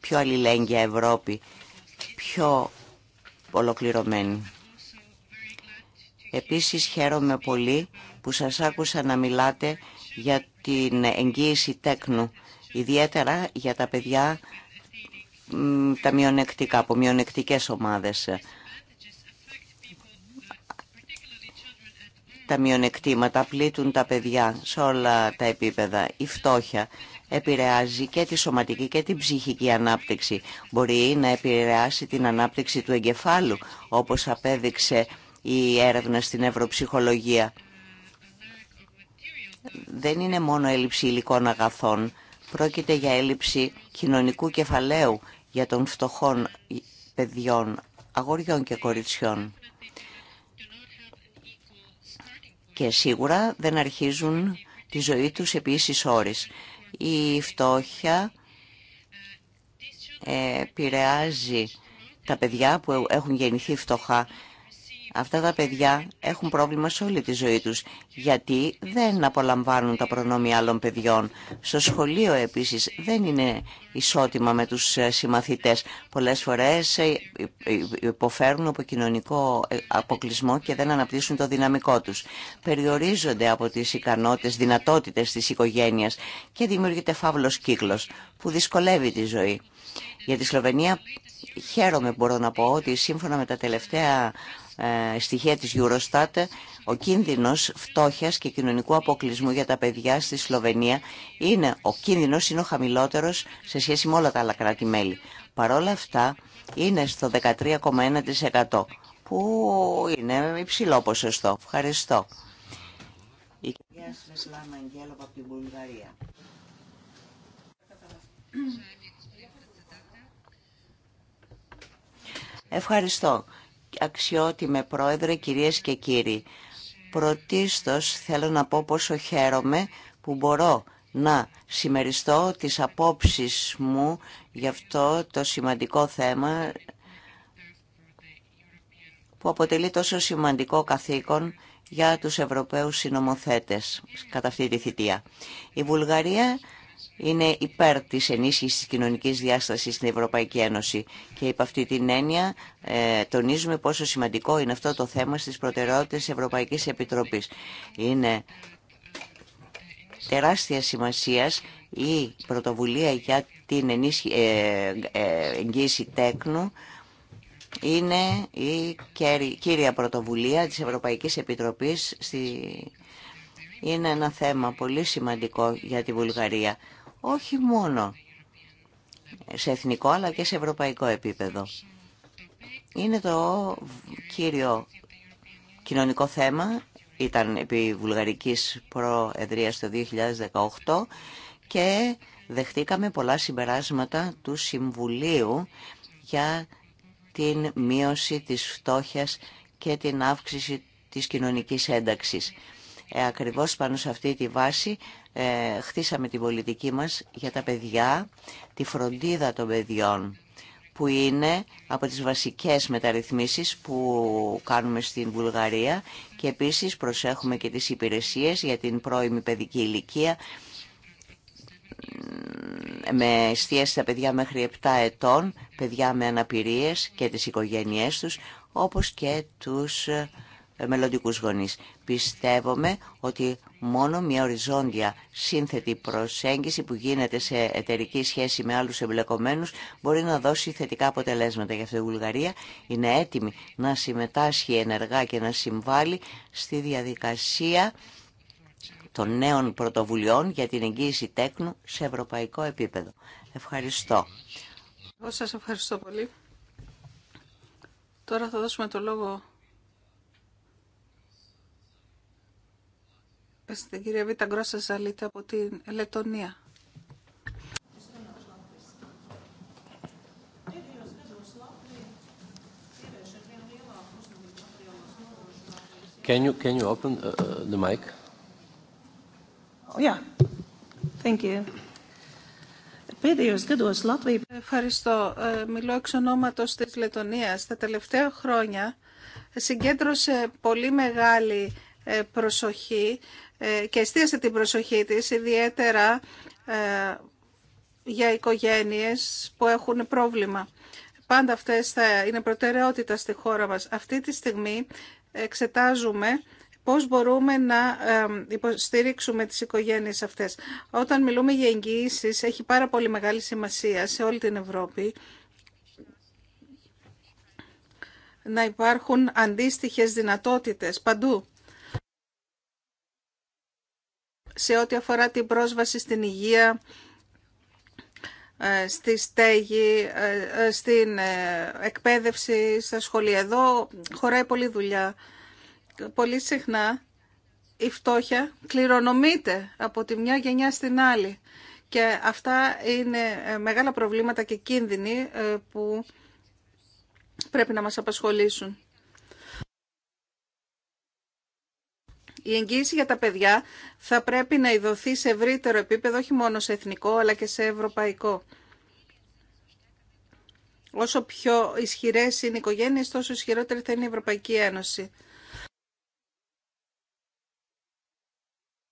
πιο αλληλέγγυα Ευρώπη, πιο ολοκληρωμένη. Επίσης χαίρομαι πολύ που σας άκουσα να μιλάτε για την εγγύηση τέκνου ιδιαίτερα για τα παιδιά τα μειονεκτικά, από μειονεκτικές ομάδες. Τα μειονεκτήματα πλήττουν τα παιδιά σε όλα τα επίπεδα. Η φτώχεια επηρεάζει και τη σωματική και την ψυχική ανάπτυξη. Μπορεί να επηρεάσει την ανάπτυξη του εγκεφάλου, όπως απέδειξε η έρευνα στην ευρωψυχολογία. Δεν είναι μόνο έλλειψη υλικών αγαθών, Πρόκειται για έλλειψη κοινωνικού κεφαλαίου για των φτωχών παιδιών, αγοριών και κοριτσιών. Και σίγουρα δεν αρχίζουν τη ζωή τους επίσης ώρες. Η φτώχεια ε, επηρεάζει τα παιδιά που έχουν γεννηθεί φτωχά Αυτά τα παιδιά έχουν πρόβλημα σε όλη τη ζωή τους, γιατί δεν απολαμβάνουν τα προνόμια άλλων παιδιών. Στο σχολείο επίσης δεν είναι ισότιμα με τους ε, συμμαθητές. Πολλές φορές ε, υποφέρουν από κοινωνικό ε, αποκλεισμό και δεν αναπτύσσουν το δυναμικό τους. Περιορίζονται από τις ικανότητες, δυνατότητες της οικογένειας και δημιουργείται φαύλος κύκλος που δυσκολεύει τη ζωή. Για τη Σλοβενία χαίρομαι μπορώ να πω ότι σύμφωνα με τα τελευταία ε, στοιχεία της Eurostat, ο κίνδυνος φτώχειας και κοινωνικού αποκλεισμού για τα παιδιά στη Σλοβενία είναι, ο κίνδυνος είναι ο χαμηλότερος σε σχέση με όλα τα άλλα κράτη-μέλη. Παρόλα αυτά είναι στο 13,1% που είναι υψηλό ποσοστό. Ευχαριστώ. Η Ευχαριστώ αξιότιμε πρόεδρε, κυρίες και κύριοι. Πρωτίστως θέλω να πω πόσο χαίρομαι που μπορώ να συμμεριστώ τις απόψεις μου για αυτό το σημαντικό θέμα που αποτελεί τόσο σημαντικό καθήκον για τους Ευρωπαίους συνομοθέτες κατά αυτή τη θητεία. Η Βουλγαρία είναι υπέρ της ενίσχυση της κοινωνικής διάστασης στην Ευρωπαϊκή Ένωση. Και υπ' αυτή την έννοια ε, τονίζουμε πόσο σημαντικό είναι αυτό το θέμα στις προτεραιότητες της Ευρωπαϊκής Επιτροπής. Είναι τεράστια σημασίας η πρωτοβουλία για την ενίσχυ... Ε, ε, εγγύηση τέκνου είναι η κύρια πρωτοβουλία της Ευρωπαϊκής Επιτροπής στη... είναι ένα θέμα πολύ σημαντικό για τη Βουλγαρία όχι μόνο σε εθνικό αλλά και σε ευρωπαϊκό επίπεδο. Είναι το κύριο κοινωνικό θέμα, ήταν επί Βουλγαρικής Προεδρίας το 2018 και δεχτήκαμε πολλά συμπεράσματα του Συμβουλίου για την μείωση της φτώχειας και την αύξηση της κοινωνικής ένταξης. Ε, ακριβώς πάνω σε αυτή τη βάση ε, χτίσαμε την πολιτική μας για τα παιδιά, τη φροντίδα των παιδιών που είναι από τις βασικές μεταρρυθμίσεις που κάνουμε στην Βουλγαρία και επίσης προσέχουμε και τις υπηρεσίες για την πρώιμη παιδική ηλικία με εστίαση στα παιδιά μέχρι 7 ετών, παιδιά με αναπηρίες και τις οικογένειές τους, όπως και τους ε, μελλοντικού γονείς. Πιστεύουμε ότι μόνο μια οριζόντια σύνθετη προσέγγιση που γίνεται σε εταιρική σχέση με άλλους εμπλεκομένους μπορεί να δώσει θετικά αποτελέσματα. Γι' αυτό η Βουλγαρία είναι έτοιμη να συμμετάσχει ενεργά και να συμβάλλει στη διαδικασία των νέων πρωτοβουλειών για την εγγύηση τέκνου σε ευρωπαϊκό επίπεδο. Ευχαριστώ. Εγώ σας ευχαριστώ πολύ. Τώρα θα δώσουμε το λόγο Στην κυρία Βίτα Γκρόσα Ζαλίτα από τη Λετωνία. Can you, can you open uh, uh the mic? Yeah. Thank you. Ευχαριστώ. Ε, μιλώ εξ ονόματος της Λετωνίας. Τα τελευταία χρόνια συγκέντρωσε πολύ μεγάλη ε, προσοχή ε, και εστίασε την προσοχή της ιδιαίτερα ε, για οικογένειες που έχουν πρόβλημα. Πάντα αυτές θα είναι προτεραιότητα στη χώρα μας. Αυτή τη στιγμή εξετάζουμε πώς μπορούμε να υποστηρίξουμε τις οικογένειες αυτές. Όταν μιλούμε για εγγυήσει, έχει πάρα πολύ μεγάλη σημασία σε όλη την Ευρώπη να υπάρχουν αντίστοιχες δυνατότητες παντού σε ό,τι αφορά την πρόσβαση στην υγεία, ε, στη στέγη, ε, ε, στην εκπαίδευση, στα σχολεία. Εδώ χωράει πολλή δουλειά. Πολύ συχνά η φτώχεια κληρονομείται από τη μια γενιά στην άλλη. Και αυτά είναι μεγάλα προβλήματα και κίνδυνοι που πρέπει να μας απασχολήσουν. Η εγγύηση για τα παιδιά θα πρέπει να ειδωθεί σε ευρύτερο επίπεδο, όχι μόνο σε εθνικό, αλλά και σε ευρωπαϊκό. Όσο πιο ισχυρές είναι οι οικογένειες, τόσο ισχυρότερη θα είναι η Ευρωπαϊκή Ένωση.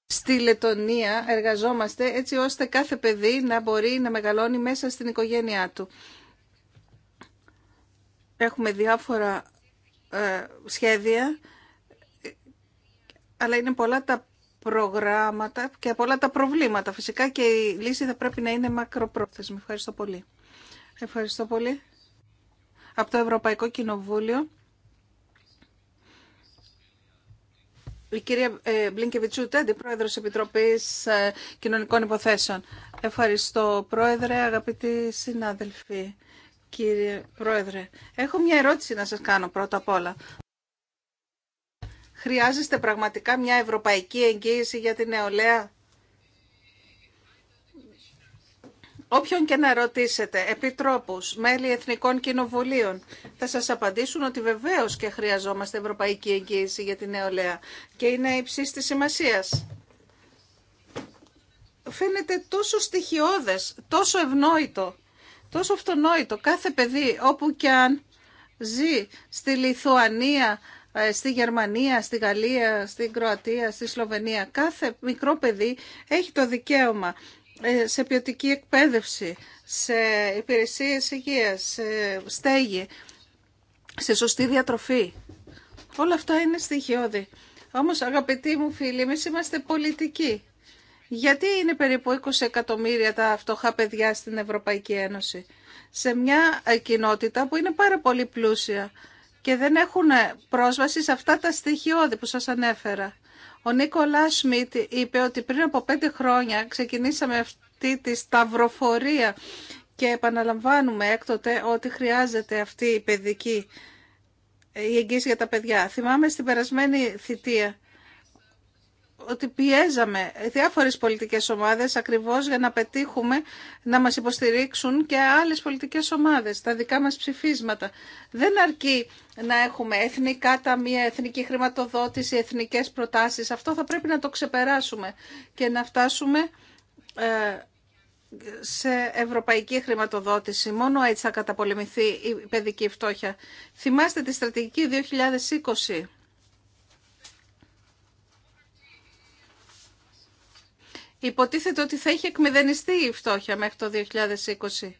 Στη Λετωνία εργαζόμαστε έτσι ώστε κάθε παιδί να μπορεί να μεγαλώνει μέσα στην οικογένειά του. Έχουμε διάφορα ε, σχέδια αλλά είναι πολλά τα προγράμματα και πολλά τα προβλήματα. Φυσικά και η λύση θα πρέπει να είναι μακροπρόθεσμη. Ευχαριστώ πολύ. Ευχαριστώ πολύ. Από το Ευρωπαϊκό Κοινοβούλιο. Η κυρία ε, Μπλίνκεβιτσούτε, αντιπρόεδρο Επιτροπή ε, Κοινωνικών Υποθέσεων. Ευχαριστώ, Πρόεδρε, αγαπητοί συνάδελφοι. Κύριε Πρόεδρε, έχω μια ερώτηση να σας κάνω πρώτα απ' όλα. Χρειάζεστε πραγματικά μια ευρωπαϊκή εγγύηση για την νεολαία. Όποιον και να ρωτήσετε, επιτρόπους, μέλη εθνικών κοινοβουλίων, θα σας απαντήσουν ότι βεβαίως και χρειαζόμαστε ευρωπαϊκή εγγύηση για την νεολαία και είναι υψή τη σημασία. Φαίνεται τόσο στοιχειώδες, τόσο ευνόητο, τόσο αυτονόητο. Κάθε παιδί, όπου και αν ζει στη Λιθουανία, ε, στη Γερμανία, στη Γαλλία, στην Κροατία, στη Σλοβενία. Κάθε μικρό παιδί έχει το δικαίωμα ε, σε ποιοτική εκπαίδευση, σε υπηρεσίες υγείας, σε στέγη, σε σωστή διατροφή. Όλα αυτά είναι στοιχειώδη. Όμως αγαπητοί μου φίλοι, εμείς είμαστε πολιτικοί. Γιατί είναι περίπου 20 εκατομμύρια τα φτωχά παιδιά στην Ευρωπαϊκή Ένωση. Σε μια ε, κοινότητα που είναι πάρα πολύ πλούσια και δεν έχουν πρόσβαση σε αυτά τα στοιχειώδη που σας ανέφερα. Ο Νίκολα Σμιτ είπε ότι πριν από πέντε χρόνια ξεκινήσαμε αυτή τη σταυροφορία και επαναλαμβάνουμε έκτοτε ότι χρειάζεται αυτή η παιδική η εγγύηση για τα παιδιά. Θυμάμαι στην περασμένη θητεία ότι πιέζαμε διάφορες πολιτικές ομάδες ακριβώς για να πετύχουμε να μας υποστηρίξουν και άλλες πολιτικές ομάδες, τα δικά μας ψηφίσματα. Δεν αρκεί να έχουμε εθνικά ταμεία, εθνική χρηματοδότηση, εθνικές προτάσεις. Αυτό θα πρέπει να το ξεπεράσουμε και να φτάσουμε ε, σε ευρωπαϊκή χρηματοδότηση. Μόνο έτσι θα καταπολεμηθεί η παιδική φτώχεια. Θυμάστε τη στρατηγική 2020 Υποτίθεται ότι θα είχε εκμηδενιστεί η φτώχεια μέχρι το 2020.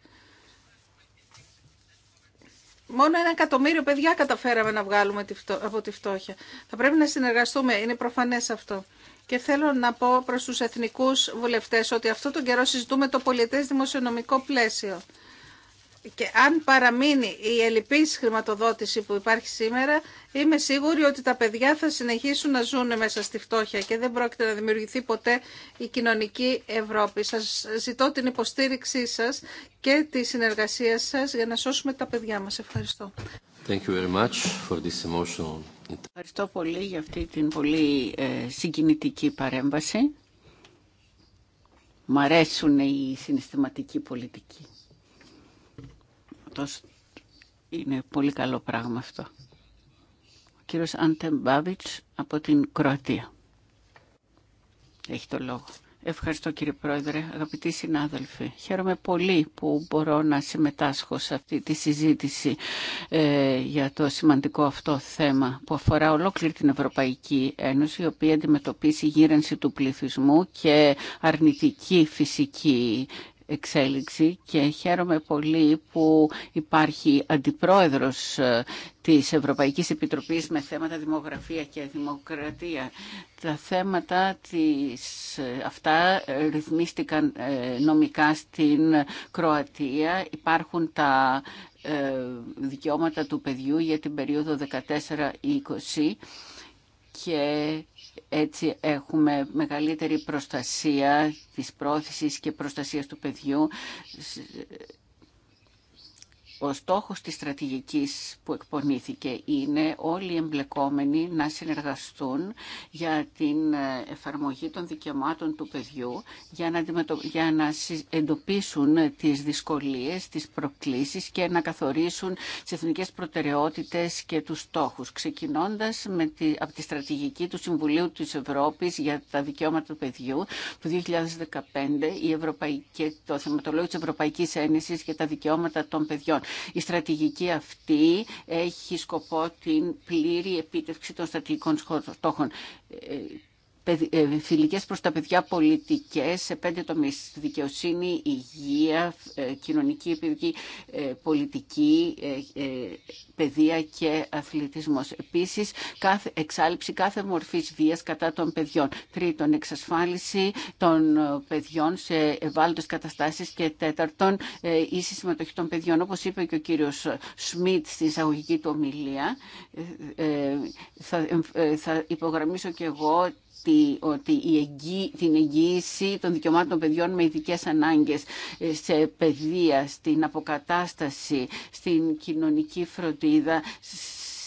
Μόνο ένα εκατομμύριο παιδιά καταφέραμε να βγάλουμε από τη φτώχεια. Θα πρέπει να συνεργαστούμε, είναι προφανές αυτό. Και θέλω να πω προς τους εθνικούς βουλευτές ότι αυτό τον καιρό συζητούμε το πολιτές δημοσιονομικό πλαίσιο και αν παραμείνει η ελλειπής χρηματοδότηση που υπάρχει σήμερα, είμαι σίγουρη ότι τα παιδιά θα συνεχίσουν να ζουν μέσα στη φτώχεια και δεν πρόκειται να δημιουργηθεί ποτέ η κοινωνική Ευρώπη. Σας ζητώ την υποστήριξή σας και τη συνεργασία σας για να σώσουμε τα παιδιά μας. Ευχαριστώ. Thank you very much for this emotional... Ευχαριστώ πολύ για αυτή την πολύ ε, συγκινητική παρέμβαση. Μ' αρέσουν οι συναισθηματικοί πολιτικοί. Είναι πολύ καλό πράγμα αυτό. Ο κύριος Άντεμ Μπάβιτς από την Κροατία. Έχει το λόγο. Ευχαριστώ κύριε Πρόεδρε, αγαπητοί συνάδελφοι. Χαίρομαι πολύ που μπορώ να συμμετάσχω σε αυτή τη συζήτηση ε, για το σημαντικό αυτό θέμα που αφορά ολόκληρη την Ευρωπαϊκή Ένωση, η οποία αντιμετωπίσει γύρανση του πληθυσμού και αρνητική φυσική εξέλιξη και χαίρομαι πολύ που υπάρχει αντιπρόεδρος ε, της Ευρωπαϊκής Επιτροπής με θέματα δημογραφία και δημοκρατία. Τα θέματα της, ε, αυτά ρυθμίστηκαν ε, νομικά στην Κροατία. Υπάρχουν τα δικαιώματα του παιδιού για την περίοδο 14-20 και έτσι έχουμε μεγαλύτερη προστασία της πρόθεσης και προστασίας του παιδιού ο στόχος της στρατηγικής που εκπονήθηκε είναι όλοι οι εμπλεκόμενοι να συνεργαστούν για την ε, εφαρμογή των δικαιωμάτων του παιδιού, για να, για εντοπίσουν ε, τις δυσκολίες, τις προκλήσεις και να καθορίσουν τις εθνικές προτεραιότητες και τους στόχους, ξεκινώντας με τη, από τη στρατηγική του Συμβουλίου της Ευρώπης για τα δικαιώματα του παιδιού του 2015 η Ευρωπαϊκή, το θεματολόγιο της Ευρωπαϊκής Ένωσης για τα δικαιώματα των παιδιών η στρατηγική αυτή έχει σκοπό την πλήρη επίτευξη των στρατηγικών στόχων. Ε, ε, φιλικές προς τα παιδιά πολιτικές σε πέντε τομείς. Δικαιοσύνη, υγεία, ε, κοινωνική επιδική ε, πολιτική, παιδεία και αθλητισμός. Επίσης, κάθε, εξάλληψη κάθε μορφής βίας κατά των παιδιών. Τρίτον, εξασφάλιση των παιδιών σε ευάλωτες καταστάσεις και τέταρτον, ίση συμμετοχή των παιδιών. Όπως είπε και ο κύριος Σμιτ στην εισαγωγική του ομιλία, θα, θα υπογραμμίσω και εγώ ότι η την εγγύηση των δικαιωμάτων των παιδιών με ειδικέ ανάγκες ε, σε παιδεία, στην αποκατάσταση, στην κοινωνική φροντίδα,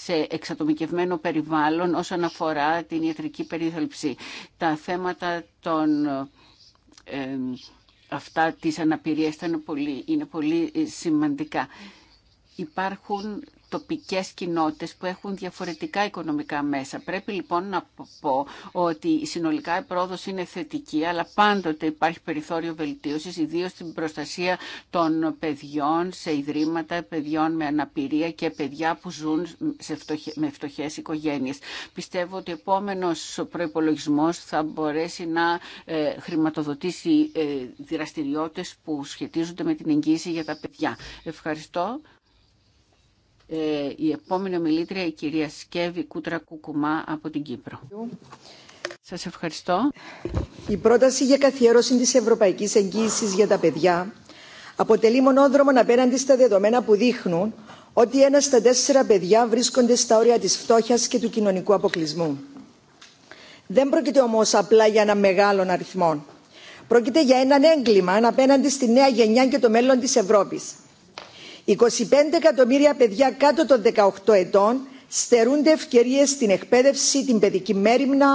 σε εξατομικευμένο περιβάλλον όσον αφορά την ιατρική περίθαλψη. Τα θέματα των... Ε, αυτά της αναπηρίας είναι πολύ ε, σημαντικά. Υπάρχουν τοπικές κοινότητες που έχουν διαφορετικά οικονομικά μέσα. Πρέπει λοιπόν να πω ότι συνολικά η πρόοδος είναι θετική, αλλά πάντοτε υπάρχει περιθώριο βελτίωσης, ιδίως στην προστασία των παιδιών σε ιδρύματα, παιδιών με αναπηρία και παιδιά που ζουν με φτωχές οικογένειες. Πιστεύω ότι ο επόμενος προϋπολογισμός θα μπορέσει να ε, χρηματοδοτήσει ε, δραστηριότητες που σχετίζονται με την εγγύηση για τα παιδιά. Ευχαριστώ. Ε, η επόμενη ομιλήτρια η κυρία Σκέβη Κούτρα Κουκουμά από την Κύπρο. Σας ευχαριστώ. Η πρόταση για καθιέρωση της Ευρωπαϊκής Εγγύησης για τα παιδιά αποτελεί μονόδρομο απέναντι στα δεδομένα που δείχνουν ότι ένα στα τέσσερα παιδιά βρίσκονται στα όρια της φτώχειας και του κοινωνικού αποκλεισμού. Δεν πρόκειται όμως απλά για ένα μεγάλο αριθμό. Πρόκειται για έναν έγκλημα απέναντι στη νέα γενιά και το μέλλον της Ευρώπης 25 εκατομμύρια παιδιά κάτω των 18 ετών στερούνται ευκαιρίες στην εκπαίδευση, την παιδική μέρημνα,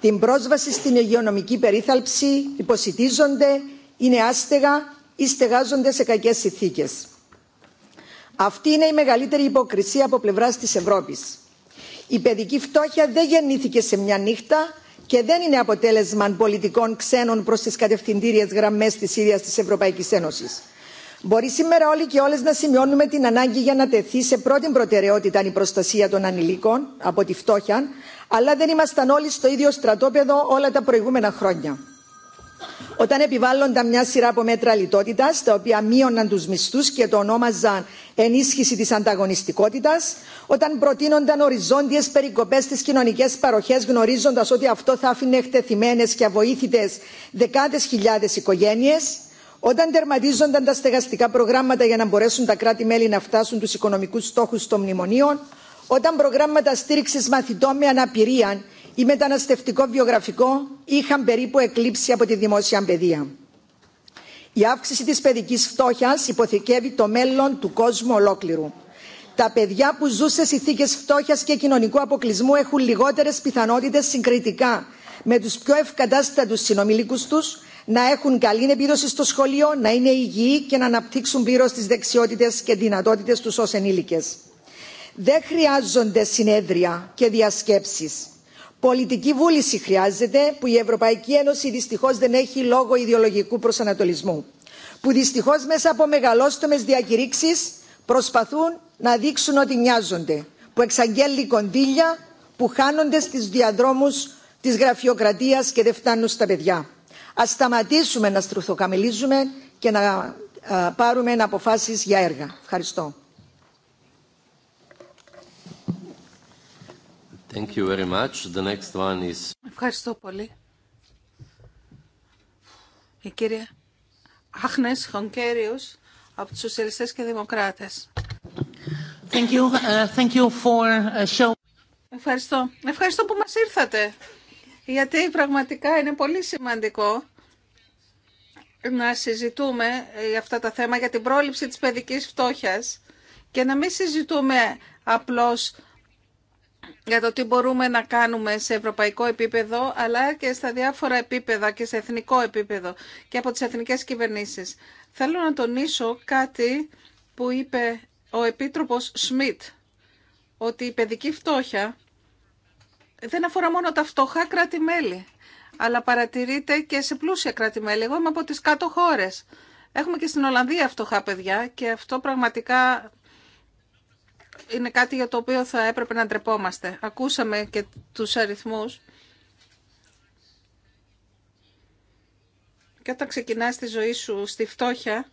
την πρόσβαση στην υγειονομική περίθαλψη, υποσυτίζονται, είναι άστεγα ή στεγάζονται σε κακές συνθήκες. Αυτή είναι η μεγαλύτερη υποκρισία από πλευρά της Ευρώπης. Η παιδική φτώχεια δεν γεννήθηκε σε μια νύχτα και δεν είναι αποτέλεσμα πολιτικών ξένων προ τι κατευθυντήριε γραμμέ τη ίδια τη Ευρωπαϊκή Ένωση. Μπορεί σήμερα όλοι και όλες να σημειώνουμε την ανάγκη για να τεθεί σε πρώτη προτεραιότητα η προστασία των ανηλίκων από τη φτώχεια, αλλά δεν ήμασταν όλοι στο ίδιο στρατόπεδο όλα τα προηγούμενα χρόνια. Όταν επιβάλλονταν μια σειρά από μέτρα λιτότητα, τα οποία μείωναν του μισθού και το ονόμαζαν ενίσχυση τη ανταγωνιστικότητα, όταν προτείνονταν οριζόντιε περικοπέ στι κοινωνικέ παροχέ, γνωρίζοντα ότι αυτό θα άφηνε εκτεθειμένε και αβοήθητε δεκάδε χιλιάδε οικογένειε, όταν τερματίζονταν τα στεγαστικά προγράμματα για να μπορέσουν τα κράτη-μέλη να φτάσουν του οικονομικού στόχου των μνημονίων, όταν προγράμματα στήριξη μαθητών με αναπηρία ή μεταναστευτικό βιογραφικό είχαν περίπου εκλείψει από τη δημόσια παιδεία. Η αύξηση της παιδικής φτώχειας υποθηκεύει το μέλλον του κόσμου ολόκληρου. Τα παιδιά που ζουν σε συνθήκες φτώχειας και κοινωνικού αποκλεισμού έχουν λιγότερες πιθανότητες συγκριτικά με τους πιο ευκατάστατου συνομιλίκους του, να έχουν καλή επίδοση στο σχολείο, να είναι υγιεί και να αναπτύξουν πλήρω τι δεξιότητε και δυνατότητε του ω ενήλικε. Δεν χρειάζονται συνέδρια και διασκέψει. Πολιτική βούληση χρειάζεται που η Ευρωπαϊκή Ένωση δυστυχώ δεν έχει λόγω ιδεολογικού προσανατολισμού. Που δυστυχώ μέσα από μεγαλόστομε διακηρύξει προσπαθούν να δείξουν ότι νοιάζονται. Που εξαγγέλνει κονδύλια που χάνονται στι διαδρόμου τη γραφειοκρατία και δεν φτάνουν στα παιδιά Ας σταματήσουμε να στρουθοκαμιλίζουμε και να πάρουμε αποφάσεις για έργα. Ευχαριστώ. Thank you very much. The next one is... Ευχαριστώ πολύ. Η κυρία Άχνες Χονκέριος από τους Σοσιαλιστές και Δημοκράτες. Thank you. Uh, thank you for uh, show. Ευχαριστώ. Ευχαριστώ που μας ήρθατε γιατί πραγματικά είναι πολύ σημαντικό να συζητούμε για αυτά τα θέματα για την πρόληψη της παιδικής φτώχειας και να μην συζητούμε απλώς για το τι μπορούμε να κάνουμε σε ευρωπαϊκό επίπεδο, αλλά και στα διάφορα επίπεδα και σε εθνικό επίπεδο και από τις εθνικές κυβερνήσεις. Θέλω να τονίσω κάτι που είπε ο Επίτροπος Σμιτ, ότι η παιδική φτώχεια δεν αφορά μόνο τα φτωχά κράτη-μέλη, αλλά παρατηρείται και σε πλούσια κράτη-μέλη. Εγώ είμαι από τις κάτω χώρες. Έχουμε και στην Ολλανδία φτωχά παιδιά και αυτό πραγματικά είναι κάτι για το οποίο θα έπρεπε να ντρεπόμαστε. Ακούσαμε και τους αριθμούς. Και όταν ξεκινάς τη ζωή σου στη φτώχεια,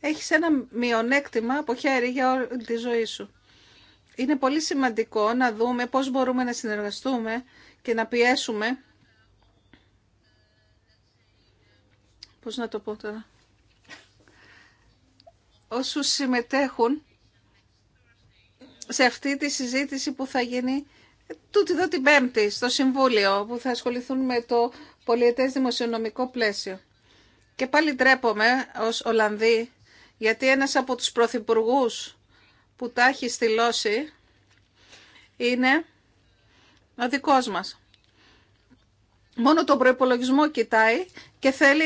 έχεις ένα μειονέκτημα από χέρι για όλη τη ζωή σου. Είναι πολύ σημαντικό να δούμε πώς μπορούμε να συνεργαστούμε και να πιέσουμε. Πώς να το πω τώρα. Όσους συμμετέχουν σε αυτή τη συζήτηση που θα γίνει ε, τούτη εδώ την Πέμπτη στο Συμβούλιο που θα ασχοληθούν με το πολιετές δημοσιονομικό πλαίσιο. Και πάλι ντρέπομαι ως Ολλανδή γιατί ένας από τους πρωθυπουργούς που τα έχει στυλώσει είναι ο δικός μας. Μόνο τον προϋπολογισμό κοιτάει και θέλει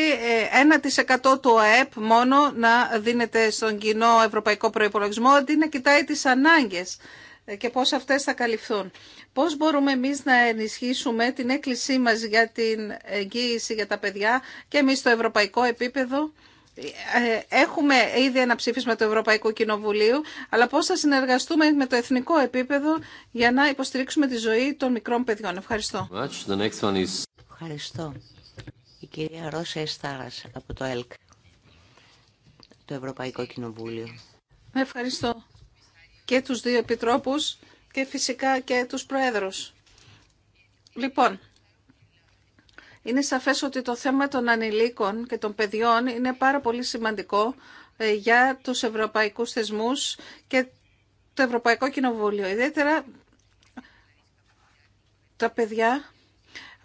1% ε, του ΑΕΠ μόνο να δίνεται στον κοινό ευρωπαϊκό προϋπολογισμό αντί να κοιτάει τις ανάγκες ε, και πώς αυτές θα καλυφθούν. Πώς μπορούμε εμείς να ενισχύσουμε την έκκλησή μας για την εγγύηση για τα παιδιά και εμείς στο ευρωπαϊκό επίπεδο ε, έχουμε ήδη ένα ψήφισμα του Ευρωπαϊκού Κοινοβουλίου, αλλά πώς θα συνεργαστούμε με το εθνικό επίπεδο για να υποστηρίξουμε τη ζωή των μικρών παιδιών. Ευχαριστώ. Ευχαριστώ. Η κυρία Ρώσα Εστάρας από το ΕΛΚ, το Ευρωπαϊκό Κοινοβούλιο. Ευχαριστώ και τους δύο επιτρόπους και φυσικά και τους προέδρους. Λοιπόν, είναι σαφές ότι το θέμα των ανηλίκων και των παιδιών είναι πάρα πολύ σημαντικό ε, για τους ευρωπαϊκούς θεσμούς και το Ευρωπαϊκό Κοινοβούλιο. Ιδιαίτερα τα παιδιά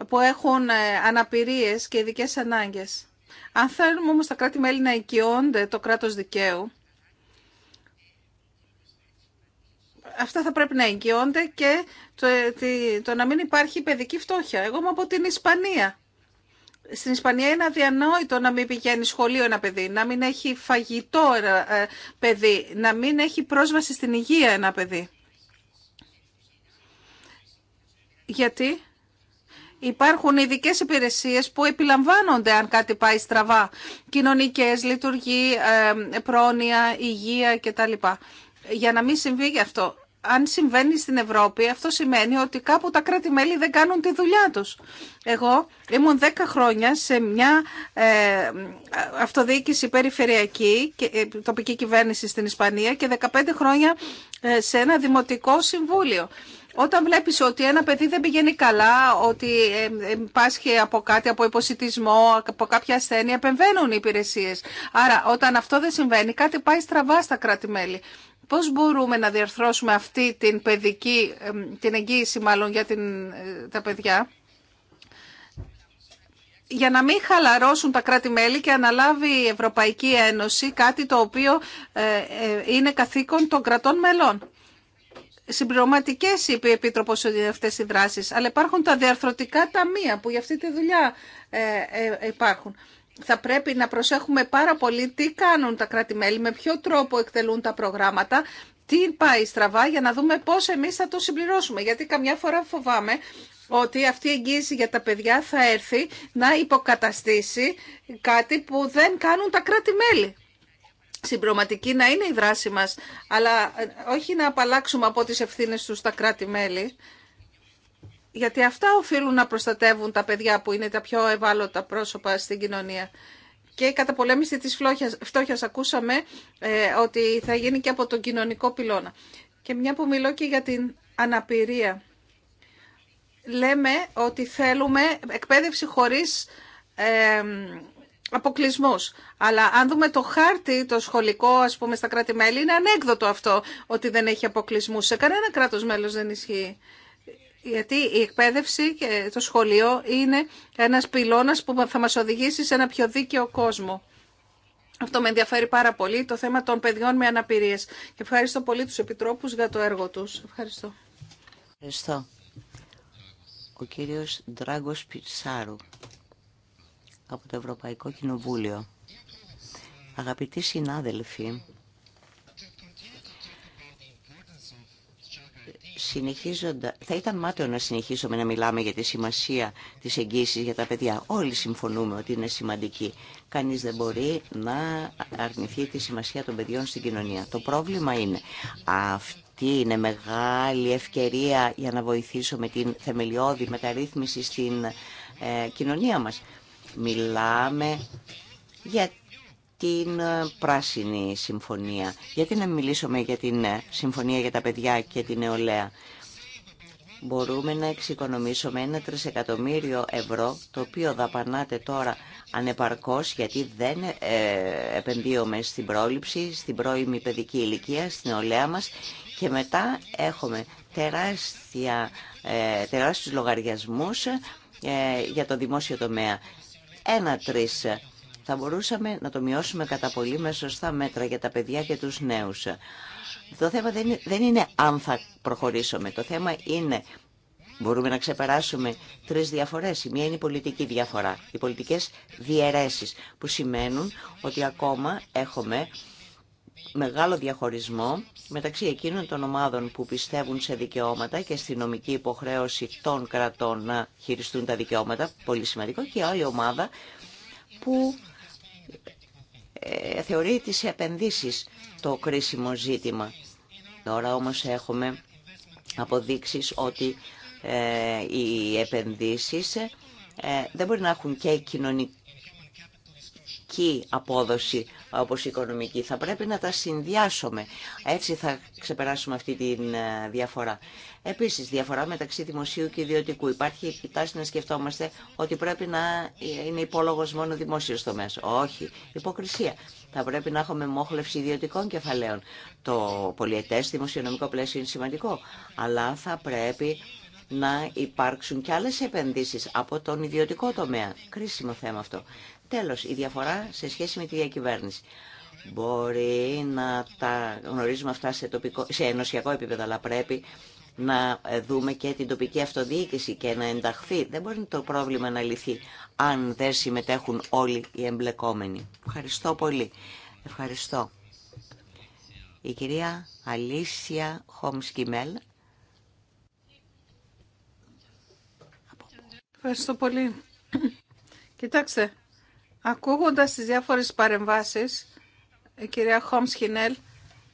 που έχουν ε, αναπηρίες και ειδικέ ανάγκες. Αν θέλουμε όμως τα κράτη-μέλη να οικειώνται το κράτος δικαίου, αυτά θα πρέπει να εγγυώνται και το, ε, το, να μην υπάρχει παιδική φτώχεια. Εγώ είμαι από την Ισπανία στην Ισπανία είναι αδιανόητο να μην πηγαίνει σχολείο ένα παιδί, να μην έχει φαγητό ένα ε, παιδί, να μην έχει πρόσβαση στην υγεία ένα παιδί. Γιατί υπάρχουν ειδικέ υπηρεσίες που επιλαμβάνονται αν κάτι πάει στραβά. Κοινωνικές, λειτουργεί, ε, πρόνοια, υγεία κτλ. Για να μην συμβεί γι' αυτό αν συμβαίνει στην Ευρώπη, αυτό σημαίνει ότι κάπου τα κράτη-μέλη δεν κάνουν τη δουλειά τους. Εγώ ήμουν 10 χρόνια σε μια ε, αυτοδιοίκηση περιφερειακή, και, ε, τοπική κυβέρνηση στην Ισπανία και 15 χρόνια ε, σε ένα δημοτικό συμβούλιο. Όταν βλέπεις ότι ένα παιδί δεν πηγαίνει καλά, ότι ε, πάσχει από κάτι, από υποσυτισμό, από κάποια ασθένεια, επεμβαίνουν οι υπηρεσίες. Άρα όταν αυτό δεν συμβαίνει, κάτι πάει στραβά στα κράτη-μέλη. Πώς μπορούμε να διαρθρώσουμε αυτή την παιδική, την εγγύηση μάλλον για την, ε, τα παιδιά, για να μην χαλαρώσουν τα κράτη-μέλη και αναλάβει η Ευρωπαϊκή Ένωση κάτι το οποίο ε, ε, είναι καθήκον των κρατών μελών. Συμπληρωματικέ, είπε η Επίτροπο, ότι αυτέ οι δράσει. Αλλά υπάρχουν τα διαρθρωτικά ταμεία που για αυτή τη δουλειά υπάρχουν θα πρέπει να προσέχουμε πάρα πολύ τι κάνουν τα κράτη-μέλη, με ποιο τρόπο εκτελούν τα προγράμματα, τι πάει στραβά για να δούμε πώς εμείς θα το συμπληρώσουμε. Γιατί καμιά φορά φοβάμαι ότι αυτή η εγγύηση για τα παιδιά θα έρθει να υποκαταστήσει κάτι που δεν κάνουν τα κράτη-μέλη. Συμπροματική να είναι η δράση μας, αλλά ε, όχι να απαλλάξουμε από τις ευθύνες τους τα κράτη-μέλη. Γιατί αυτά οφείλουν να προστατεύουν τα παιδιά που είναι τα πιο ευάλωτα πρόσωπα στην κοινωνία. Και η καταπολέμηση της φτώχειας ακούσαμε ε, ότι θα γίνει και από τον κοινωνικό πυλώνα. Και μια που μιλώ και για την αναπηρία. Λέμε ότι θέλουμε εκπαίδευση χωρίς ε, αποκλεισμούς. Αλλά αν δούμε το χάρτη, το σχολικό, ας πούμε, στα κράτη-μέλη, είναι ανέκδοτο αυτό ότι δεν έχει αποκλεισμούς. Σε κανένα κράτος μέλος δεν ισχύει. Γιατί η εκπαίδευση και το σχολείο είναι ένας πυλώνας που θα μας οδηγήσει σε ένα πιο δίκαιο κόσμο. Αυτό με ενδιαφέρει πάρα πολύ, το θέμα των παιδιών με αναπηρίες. Και ευχαριστώ πολύ τους επιτρόπους για το έργο τους. Ευχαριστώ. Ευχαριστώ. Ο κύριος Ντράγκος Πιτσάρου από το Ευρωπαϊκό Κοινοβούλιο. Αγαπητοί συνάδελφοι, συνεχίζοντα... θα ήταν μάταιο να συνεχίσουμε να μιλάμε για τη σημασία της εγγύησης για τα παιδιά. Όλοι συμφωνούμε ότι είναι σημαντική. Κανείς δεν μπορεί να αρνηθεί τη σημασία των παιδιών στην κοινωνία. Το πρόβλημα είναι αυτή είναι μεγάλη ευκαιρία για να βοηθήσουμε την θεμελιώδη μεταρρύθμιση στην ε, κοινωνία μας. Μιλάμε για την ε, πράσινη συμφωνία. Γιατί να μιλήσουμε για την ε, συμφωνία για τα παιδιά και την νεολαία. Μπορούμε να εξοικονομήσουμε ένα τρισεκατομμύριο ευρώ, το οποίο δαπανάτε τώρα ανεπαρκώς, γιατί δεν ε, επενδύουμε στην πρόληψη, στην πρώιμη παιδική ηλικία, στην νεολαία μας και μετά έχουμε τεράστια, τεράστιους λογαριασμούς για το δημόσιο τομέα. Ένα τρεις θα μπορούσαμε να το μειώσουμε κατά πολύ με σωστά μέτρα για τα παιδιά και τους νέους. Το θέμα δεν είναι, δεν είναι αν θα προχωρήσουμε. Το θέμα είναι μπορούμε να ξεπεράσουμε τρεις διαφορές. Η μία είναι η πολιτική διαφορά, οι πολιτικές διαιρέσεις που σημαίνουν ότι ακόμα έχουμε μεγάλο διαχωρισμό μεταξύ εκείνων των ομάδων που πιστεύουν σε δικαιώματα και στη νομική υποχρέωση των κρατών να χειριστούν τα δικαιώματα, πολύ σημαντικό, και άλλη ομάδα που ε, θεωρεί τις επενδύσεις το κρίσιμο ζήτημα. Τώρα όμως έχουμε αποδείξεις ότι ε, οι επενδύσεις ε, δεν μπορεί να έχουν και κοινωνική οικονομική απόδοση όπως η οικονομική. Θα πρέπει να τα συνδυάσουμε. Έτσι θα ξεπεράσουμε αυτή τη ε, διαφορά. Επίσης, διαφορά μεταξύ δημοσίου και ιδιωτικού. Υπάρχει η τάση να σκεφτόμαστε ότι πρέπει να είναι υπόλογο μόνο στο τομέα. Όχι. Υποκρισία. Θα πρέπει να έχουμε μόχλευση ιδιωτικών κεφαλαίων. Το πολιετές δημοσιονομικό πλαίσιο είναι σημαντικό, αλλά θα πρέπει να υπάρξουν και άλλες επενδύσεις από τον ιδιωτικό τομέα. Κρίσιμο θέμα αυτό. Τέλος, η διαφορά σε σχέση με τη διακυβέρνηση. Μπορεί να τα γνωρίζουμε αυτά σε, τοπικό, σε ενωσιακό επίπεδο, αλλά πρέπει να δούμε και την τοπική αυτοδιοίκηση και να ενταχθεί. Δεν μπορεί το πρόβλημα να λυθεί αν δεν συμμετέχουν όλοι οι εμπλεκόμενοι. Ευχαριστώ πολύ. Ευχαριστώ. Η κυρία Αλίσια Χομσκιμέλ. Ευχαριστώ πολύ. Κοιτάξτε, Ακούγοντας τις διάφορες παρεμβάσεις, η ε, κυρία Χόμς Χινέλ,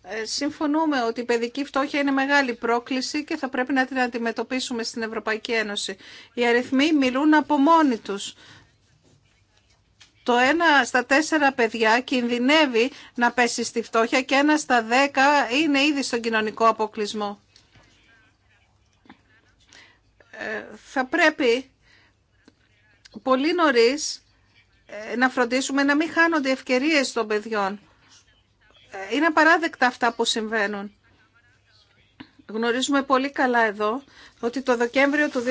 ε, συμφωνούμε ότι η παιδική φτώχεια είναι μεγάλη πρόκληση και θα πρέπει να την αντιμετωπίσουμε στην Ευρωπαϊκή Ένωση. Οι αριθμοί μιλούν από μόνοι τους. Το ένα στα τέσσερα παιδιά κινδυνεύει να πέσει στη φτώχεια και ένα στα δέκα είναι ήδη στον κοινωνικό αποκλεισμό. Ε, θα πρέπει πολύ νωρίς ε, να φροντίσουμε να μην χάνονται ευκαιρίες των παιδιών. Ε, είναι απαράδεκτα αυτά που συμβαίνουν. Γνωρίζουμε πολύ καλά εδώ ότι το Δεκέμβριο του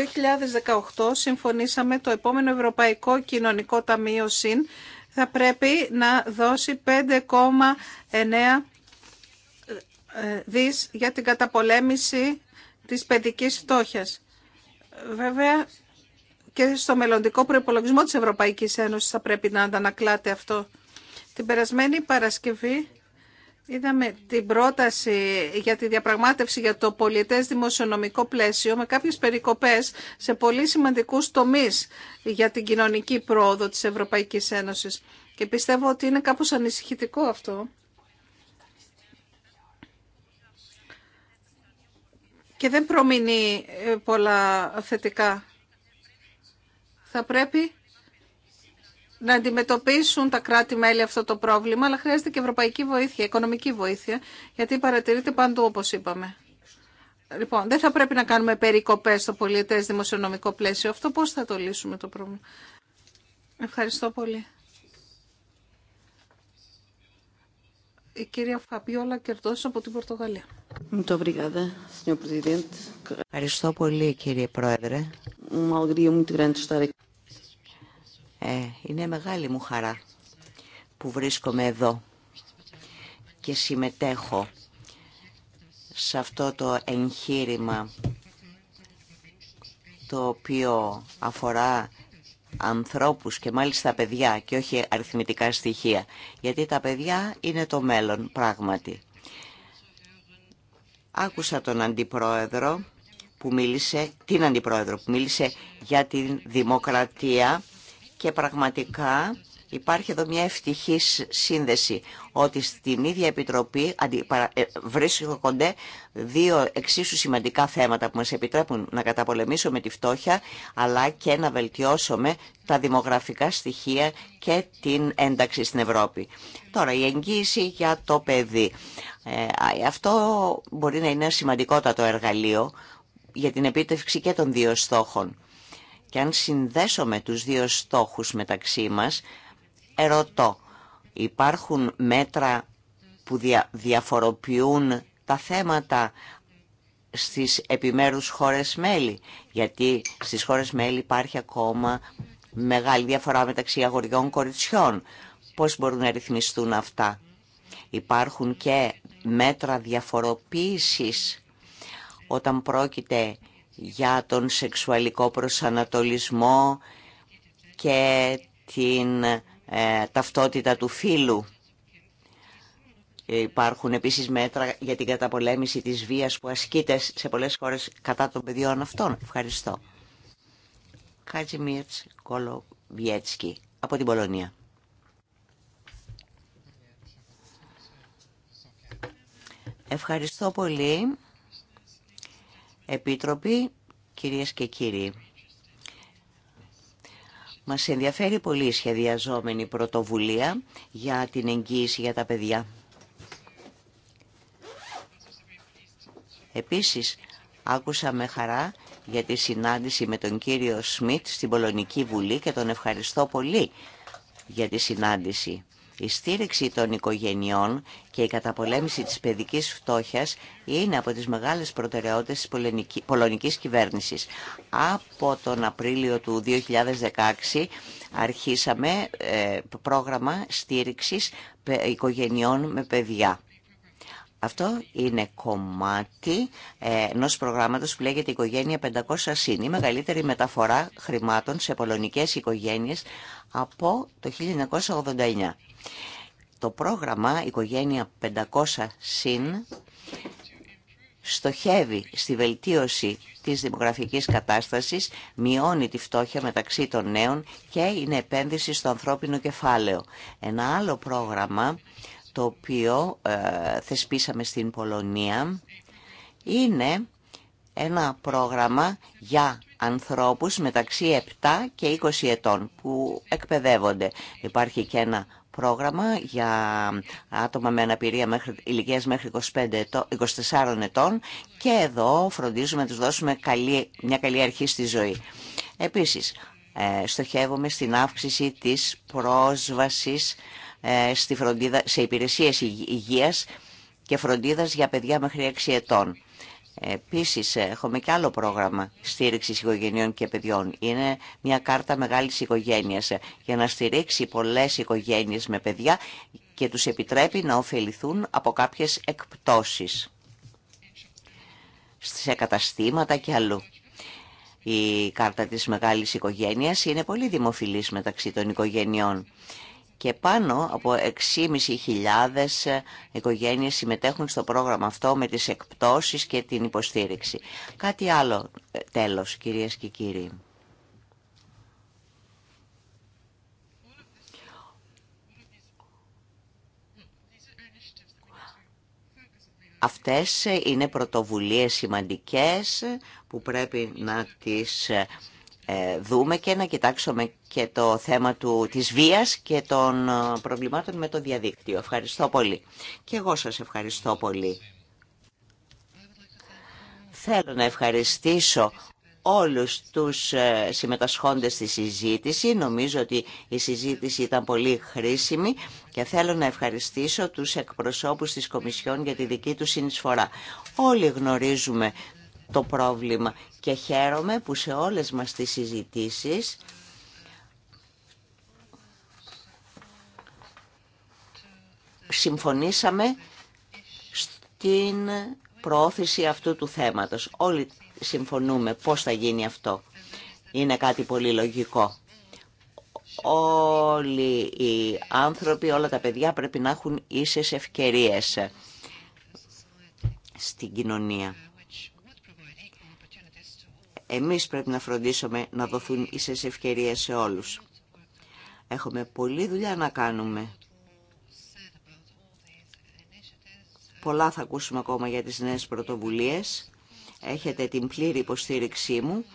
2018 συμφωνήσαμε το επόμενο Ευρωπαϊκό Κοινωνικό Ταμείο ΣΥΝ θα πρέπει να δώσει 5,9 ε, δις για την καταπολέμηση της παιδικής φτώχειας. Βέβαια, και στο μελλοντικό προπολογισμό της Ευρωπαϊκής Ένωσης θα πρέπει να αντανακλάται αυτό. Την περασμένη Παρασκευή είδαμε την πρόταση για τη διαπραγμάτευση για το πολιτές δημοσιονομικό πλαίσιο με κάποιες περικοπές σε πολύ σημαντικούς τομείς για την κοινωνική πρόοδο της Ευρωπαϊκής Ένωσης. Και πιστεύω ότι είναι κάπως ανησυχητικό αυτό. Και δεν προμηνεί ε, πολλά θετικά θα πρέπει να αντιμετωπίσουν τα κράτη-μέλη αυτό το πρόβλημα, αλλά χρειάζεται και ευρωπαϊκή βοήθεια, οικονομική βοήθεια, γιατί παρατηρείται παντού όπως είπαμε. Λοιπόν, δεν θα πρέπει να κάνουμε περικοπές στο πολιτέ δημοσιονομικό πλαίσιο. Αυτό πώς θα το λύσουμε το πρόβλημα. Ευχαριστώ πολύ. Η κυρία Φαπιόλα Κερδός από την Πορτογαλία. Ευχαριστώ πολύ κύριε Πρόεδρε. Ε, είναι μεγάλη μου χαρά που βρίσκομαι εδώ και συμμετέχω σε αυτό το εγχείρημα το οποίο αφορά ανθρώπους και μάλιστα παιδιά και όχι αριθμητικά στοιχεία. Γιατί τα παιδιά είναι το μέλλον πράγματι. Άκουσα τον αντιπρόεδρο που μίλησε, την αντιπρόεδρο που μίλησε για την δημοκρατία και πραγματικά υπάρχει εδώ μια ευτυχή σύνδεση ότι στην ίδια Επιτροπή ε, βρίσκονται δύο εξίσου σημαντικά θέματα που μας επιτρέπουν να καταπολεμήσουμε τη φτώχεια αλλά και να βελτιώσουμε τα δημογραφικά στοιχεία και την ένταξη στην Ευρώπη. Τώρα, η εγγύηση για το παιδί. Ε, αυτό μπορεί να είναι ένα σημαντικότατο εργαλείο για την επίτευξη και των δύο στόχων. Και αν με τους δύο στόχους μεταξύ μας, ερωτώ, υπάρχουν μέτρα που διαφοροποιούν τα θέματα στις επιμέρους χώρες μέλη, γιατί στις χώρες μέλη υπάρχει ακόμα μεγάλη διαφορά μεταξύ αγοριών κοριτσιών. Πώς μπορούν να ρυθμιστούν αυτά. Υπάρχουν και μέτρα διαφοροποίησης όταν πρόκειται για τον σεξουαλικό προσανατολισμό και την ε, ταυτότητα του φύλου. Υπάρχουν επίσης μέτρα για την καταπολέμηση της βίας που ασκείται σε πολλές χώρες κατά των παιδιών αυτών. Ευχαριστώ. από την Πολωνία. Ευχαριστώ πολύ. Επίτροποι, κυρίες και κύριοι. Μας ενδιαφέρει πολύ η σχεδιαζόμενη πρωτοβουλία για την εγγύηση για τα παιδιά. Επίσης, άκουσα με χαρά για τη συνάντηση με τον κύριο Σμιτ στην Πολωνική Βουλή και τον ευχαριστώ πολύ για τη συνάντηση. Η στήριξη των οικογενειών και η καταπολέμηση της παιδικής φτώχειας είναι από τις μεγάλες προτεραιότητες της πολωνικής κυβέρνησης. Από τον Απρίλιο του 2016 αρχίσαμε ε, πρόγραμμα στήριξης οικογενειών με παιδιά. Αυτό είναι κομμάτι ε, ενό προγράμματο που λέγεται Οικογένεια 500 ΣΥΝ, η μεγαλύτερη μεταφορά χρημάτων σε πολωνικές οικογένειες από το 1989. Το πρόγραμμα Οικογένεια 500 ΣΥΝ στοχεύει στη βελτίωση της δημογραφικής κατάστασης, μειώνει τη φτώχεια μεταξύ των νέων και είναι επένδυση στο ανθρώπινο κεφάλαιο. Ένα άλλο πρόγραμμα το οποίο ε, θεσπίσαμε στην Πολωνία είναι ένα πρόγραμμα για ανθρώπους μεταξύ 7 και 20 ετών που εκπαιδεύονται. Υπάρχει και ένα πρόγραμμα για άτομα με αναπηρία μέχρι, ηλικίας μέχρι 25 ετών, 24 ετών και εδώ φροντίζουμε να τους δώσουμε καλή, μια καλή αρχή στη ζωή. Επίσης, ε, στοχεύουμε στην αύξηση της πρόσβασης ε, στη φροντίδα, σε υπηρεσίες υγείας και φροντίδας για παιδιά μέχρι 6 ετών. Επίσης, έχουμε και άλλο πρόγραμμα στήριξη οικογενειών και παιδιών. Είναι μια κάρτα μεγάλη οικογένεια για να στηρίξει πολλές οικογένειε με παιδιά και τους επιτρέπει να ωφεληθούν από κάποιες εκπτώσεις σε καταστήματα και αλλού. Η κάρτα της μεγάλης οικογένειας είναι πολύ δημοφιλής μεταξύ των οικογενειών και πάνω από 6.500 ε, οικογένειες συμμετέχουν στο πρόγραμμα αυτό με τις εκπτώσεις και την υποστήριξη. Κάτι άλλο ε, τέλος κυρίες και κύριοι. Αυτές ε, είναι πρωτοβουλίες σημαντικές που πρέπει να τις ε, δούμε και να κοιτάξουμε και το θέμα του, της βίας και των ε, προβλημάτων με το διαδίκτυο. Ευχαριστώ πολύ. Και εγώ σας ευχαριστώ πολύ. Θέλω να ευχαριστήσω όλους τους ε, συμμετασχόντες στη συζήτηση. Νομίζω ότι η συζήτηση ήταν πολύ χρήσιμη και θέλω να ευχαριστήσω τους εκπροσώπους της Κομισιόν για τη δική του συνεισφορά. Όλοι γνωρίζουμε το πρόβλημα και χαίρομαι που σε όλες μας τις συζητήσεις συμφωνήσαμε στην προώθηση αυτού του θέματος. Όλοι συμφωνούμε πώς θα γίνει αυτό. Είναι κάτι πολύ λογικό. Όλοι οι άνθρωποι, όλα τα παιδιά πρέπει να έχουν ίσες ευκαιρίες στην κοινωνία εμείς πρέπει να φροντίσουμε να δοθούν ίσες ευκαιρίες σε όλους. Έχουμε πολλή δουλειά να κάνουμε. Πολλά θα ακούσουμε ακόμα για τις νέες πρωτοβουλίες. Έχετε την πλήρη υποστήριξή μου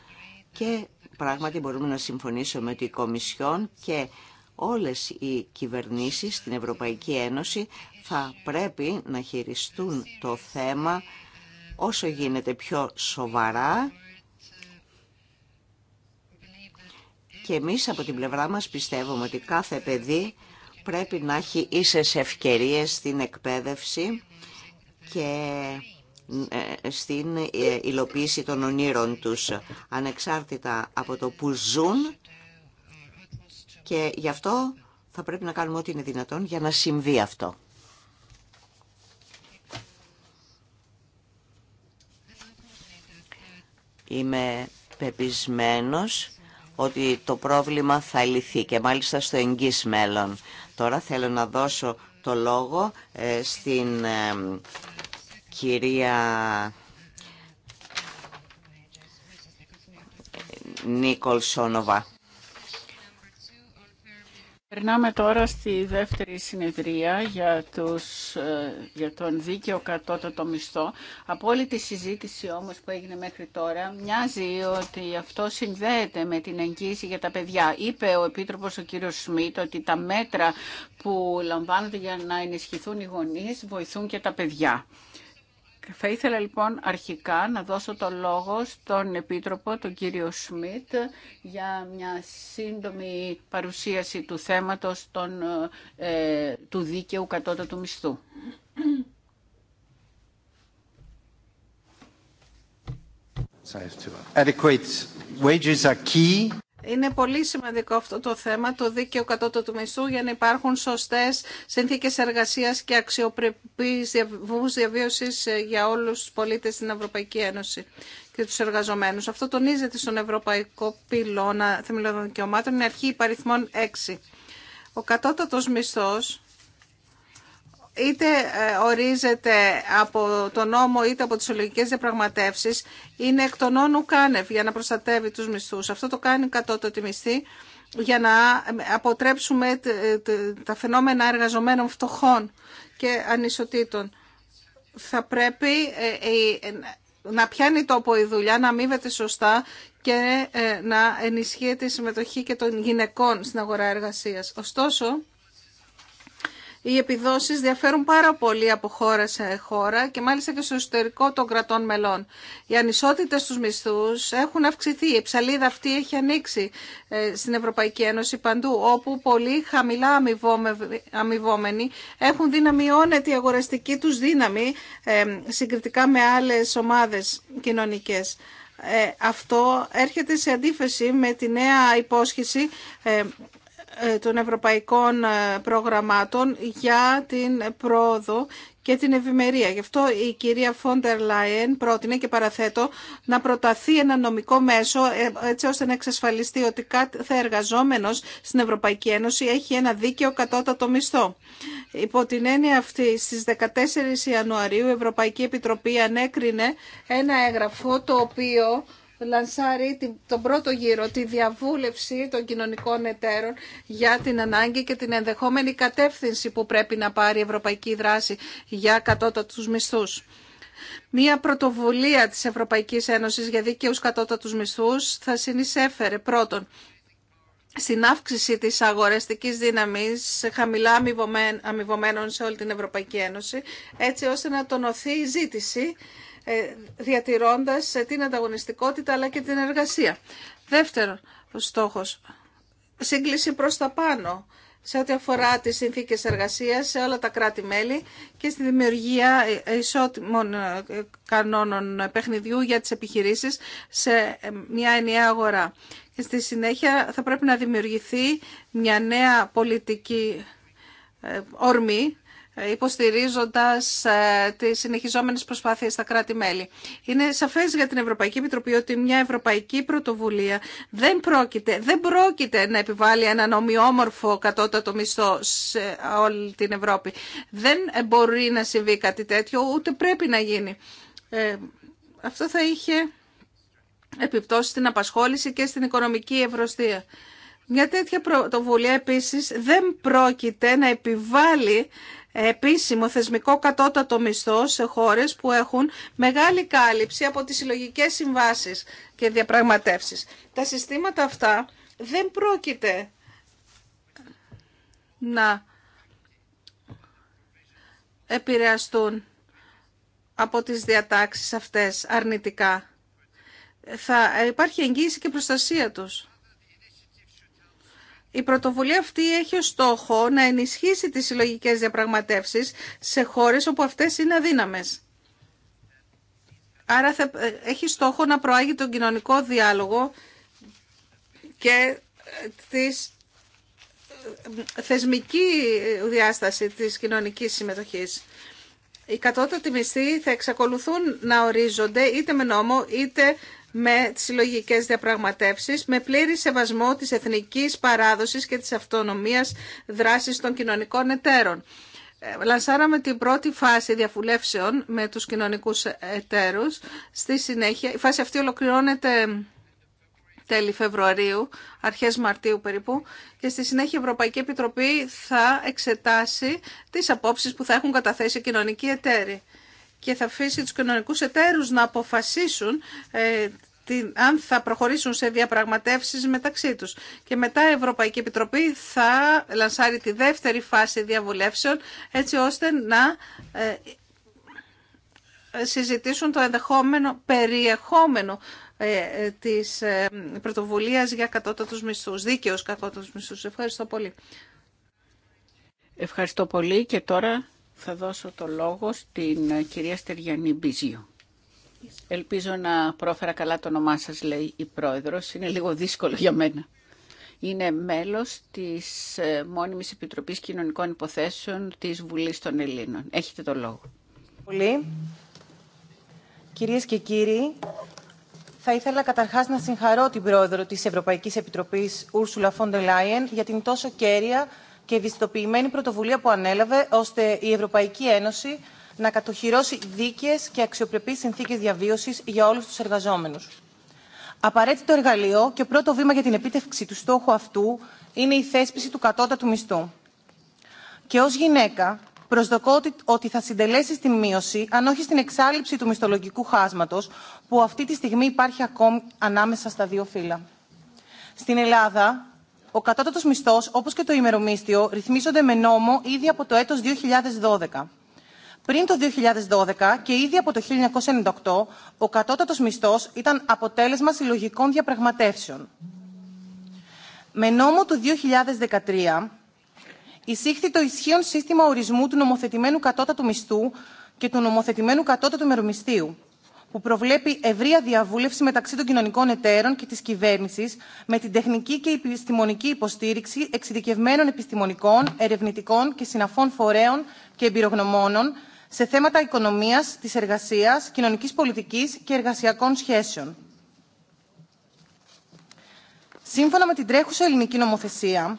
και πράγματι μπορούμε να συμφωνήσουμε ότι η Κομισιόν και όλες οι κυβερνήσεις στην Ευρωπαϊκή Ένωση θα πρέπει να χειριστούν το θέμα όσο γίνεται πιο σοβαρά και εμείς από την πλευρά μας πιστεύουμε ότι κάθε παιδί πρέπει να έχει ίσες ευκαιρίες στην εκπαίδευση και ε, στην ε, υλοποίηση των ονείρων τους, ανεξάρτητα από το που ζουν και γι' αυτό θα πρέπει να κάνουμε ό,τι είναι δυνατόν για να συμβεί αυτό. Είμαι πεπισμένος ότι το πρόβλημα θα λυθεί και μάλιστα στο εγγύς μέλλον. Τώρα θέλω να δώσω το λόγο ε, στην ε, κυρία Νίκολ Σόνοβα. Περνάμε τώρα στη δεύτερη συνεδρία για, τους, ε, για τον δίκαιο κατώτατο μισθό. Από όλη τη συζήτηση όμως που έγινε μέχρι τώρα, μοιάζει ότι αυτό συνδέεται με την εγγύηση για τα παιδιά. Είπε ο Επίτροπος ο κύριος Σμίτ ότι τα μέτρα που λαμβάνονται για να ενισχυθούν οι γονείς βοηθούν και τα παιδιά. Θα ήθελα λοιπόν αρχικά να δώσω το λόγο στον Επίτροπο, τον κύριο Σμιτ, για μια σύντομη παρουσίαση του θέματος των, ε, του δίκαιου κατώτατου μισθού. Adequate wages are είναι πολύ σημαντικό αυτό το θέμα, το δίκαιο κατώτατο του μισθού, για να υπάρχουν σωστές συνθήκες εργασίας και αξιοπρεπείς διαβούς διαβίωσης ε, για όλους τους πολίτες στην Ευρωπαϊκή Ένωση και τους εργαζομένους. Αυτό τονίζεται στον Ευρωπαϊκό Πυλώνα Θεμελιωδών Δικαιωμάτων, είναι αρχή υπαριθμών 6. Ο κατώτατος μισθός είτε ε, ορίζεται από τον νόμο είτε από τις συλλογικές διαπραγματεύσεις είναι εκ των όνου κάνευ για να προστατεύει τους μισθούς. Αυτό το κάνει κατώτατη μισθή για να ε, αποτρέψουμε ε, τα φαινόμενα εργαζομένων φτωχών και ανισοτήτων. Θα πρέπει να πιάνει τόπο η δουλειά, να αμείβεται σωστά και να ενισχύεται η συμμετοχή και των γυναικών στην αγορά εργασίας. Ωστόσο, οι επιδόσεις διαφέρουν πάρα πολύ από χώρα σε χώρα και μάλιστα και στο εσωτερικό των κρατών μελών. Οι ανισότητε στους μισθούς έχουν αυξηθεί. Η ψαλίδα αυτή έχει ανοίξει ε, στην Ευρωπαϊκή Ένωση παντού, όπου πολλοί χαμηλά αμοιβόμενοι έχουν δει να μειώνεται η αγοραστική τους δύναμη ε, συγκριτικά με άλλες ομάδες κοινωνικές. Ε, αυτό έρχεται σε αντίθεση με τη νέα υπόσχεση ε, των ευρωπαϊκών ε, προγραμμάτων για την πρόοδο και την ευημερία. Γι' αυτό η κυρία Φόντερ Λάιεν πρότεινε και παραθέτω να προταθεί ένα νομικό μέσο ε, έτσι ώστε να εξασφαλιστεί ότι κάθε εργαζόμενος στην Ευρωπαϊκή Ένωση έχει ένα δίκαιο κατώτατο μισθό. Υπό την έννοια αυτή στις 14 Ιανουαρίου η Ευρωπαϊκή Επιτροπή ανέκρινε ένα έγγραφο το οποίο λανσάρει τον πρώτο γύρο, τη διαβούλευση των κοινωνικών εταίρων για την ανάγκη και την ενδεχόμενη κατεύθυνση που πρέπει να πάρει η ευρωπαϊκή δράση για κατώτατους μισθούς. Μία πρωτοβουλία της Ευρωπαϊκής Ένωσης για δίκαιους κατώτατους μισθούς θα συνεισέφερε πρώτον στην αύξηση της αγοραστικής δύναμης χαμηλά αμοιβωμένων σε όλη την Ευρωπαϊκή Ένωση, έτσι ώστε να τονωθεί η ζήτηση ε, διατηρώντας ε, την ανταγωνιστικότητα αλλά και την εργασία. Δεύτερο στόχος, σύγκληση προς τα πάνω σε ό,τι αφορά τις συνθήκες εργασίας σε όλα τα κράτη-μέλη και στη δημιουργία ε, ισότιμων κανόνων παιχνιδιού για τις επιχειρήσεις σε μια ενιαία αγορά. Και στη συνέχεια θα πρέπει να δημιουργηθεί μια νέα πολιτική ορμή υποστηρίζοντας ε, τις συνεχιζόμενες προσπάθειες στα κράτη-μέλη. Είναι σαφές για την Ευρωπαϊκή Επιτροπή ότι μια ευρωπαϊκή πρωτοβουλία δεν πρόκειται, δεν πρόκειται να επιβάλλει ένα νομιόμορφο κατώτατο μισθό σε όλη την Ευρώπη. Δεν μπορεί να συμβεί κάτι τέτοιο, ούτε πρέπει να γίνει. Ε, αυτό θα είχε επιπτώσει στην απασχόληση και στην οικονομική ευρωστία. Μια τέτοια πρωτοβουλία επίσης δεν πρόκειται να επιβάλλει επίσημο θεσμικό κατώτατο μισθό σε χώρες που έχουν μεγάλη κάλυψη από τις συλλογικέ συμβάσεις και διαπραγματεύσεις. Τα συστήματα αυτά δεν πρόκειται να επηρεαστούν από τις διατάξεις αυτές αρνητικά. Θα υπάρχει εγγύηση και προστασία τους. Η πρωτοβουλία αυτή έχει ως στόχο να ενισχύσει τις συλλογικές διαπραγματεύσεις σε χώρες όπου αυτές είναι αδύναμες. Άρα ε, έχει στόχο να προάγει τον κοινωνικό διάλογο και ε, τις ε, θεσμική διάσταση της κοινωνικής συμμετοχής. Οι κατώτατοι μισθοί θα εξακολουθούν να ορίζονται είτε με νόμο είτε με τις συλλογικέ διαπραγματεύσεις με πλήρη σεβασμό της εθνικής παράδοσης και της αυτονομίας δράσης των κοινωνικών εταίρων. Ε, λανσάραμε την πρώτη φάση διαφουλεύσεων με τους κοινωνικούς εταίρους. Στη συνέχεια, η φάση αυτή ολοκληρώνεται τέλη Φεβρουαρίου, αρχές Μαρτίου περίπου, και στη συνέχεια η Ευρωπαϊκή Επιτροπή θα εξετάσει τις απόψεις που θα έχουν καταθέσει οι κοινωνικοί εταίροι και θα αφήσει τους κοινωνικούς εταίρους να αποφασίσουν ε, αν θα προχωρήσουν σε διαπραγματεύσεις μεταξύ τους. Και μετά η Ευρωπαϊκή Επιτροπή θα λανσάρει τη δεύτερη φάση διαβουλεύσεων έτσι ώστε να ε, συζητήσουν το ενδεχόμενο περιεχόμενο ε, της πρωτοβουλίας για κατώτατους μισθούς, δίκαιους κατώτατους μισθούς. Ευχαριστώ πολύ. Ευχαριστώ πολύ και τώρα θα δώσω το λόγο στην ε, κυρία Στεριανή Μπιζίου. Ελπίζω να πρόφερα καλά το όνομά σας, λέει η πρόεδρος. Είναι λίγο δύσκολο για μένα. Είναι μέλος της ε, Μόνιμης Επιτροπής Κοινωνικών Υποθέσεων της Βουλής των Ελλήνων. Έχετε το λόγο. Πολύ. Κυρίες και κύριοι, θα ήθελα καταρχάς να συγχαρώ την πρόεδρο της Ευρωπαϊκής Επιτροπής, Ούρσουλα Φόντε Λάιεν, για την τόσο κέρια και ευιστοποιημένη πρωτοβουλία που ανέλαβε ώστε η Ευρωπαϊκή Ένωση να κατοχυρώσει δίκαιε και αξιοπρεπείς συνθήκε διαβίωση για όλου του εργαζόμενου. Απαραίτητο εργαλείο και πρώτο βήμα για την επίτευξη του στόχου αυτού είναι η θέσπιση του κατώτατου μισθού. Και ω γυναίκα προσδοκώ ότι θα συντελέσει στην μείωση, αν όχι στην εξάλληψη του μισθολογικού χάσματο, που αυτή τη στιγμή υπάρχει ακόμη ανάμεσα στα δύο φύλλα. Στην Ελλάδα, ο κατώτατος μισθός, όπως και το ημερομίσθιο, ρυθμίζονται με νόμο ήδη από το έτος 2012. Πριν το 2012 και ήδη από το 1998, ο κατώτατος μισθός ήταν αποτέλεσμα συλλογικών διαπραγματεύσεων. Με νόμο του 2013 εισήχθη το ισχύον σύστημα ορισμού του νομοθετημένου κατώτατου μισθού και του νομοθετημένου κατώτατου μερομισθίου που προβλέπει ευρεία διαβούλευση μεταξύ των κοινωνικών εταίρων και τη κυβέρνηση με την τεχνική και επιστημονική υποστήριξη εξειδικευμένων επιστημονικών, ερευνητικών και συναφών φορέων και εμπειρογνωμόνων σε θέματα οικονομίας, της εργασίας, κοινωνικής πολιτικής και εργασιακών σχέσεων. Σύμφωνα με την τρέχουσα ελληνική νομοθεσία,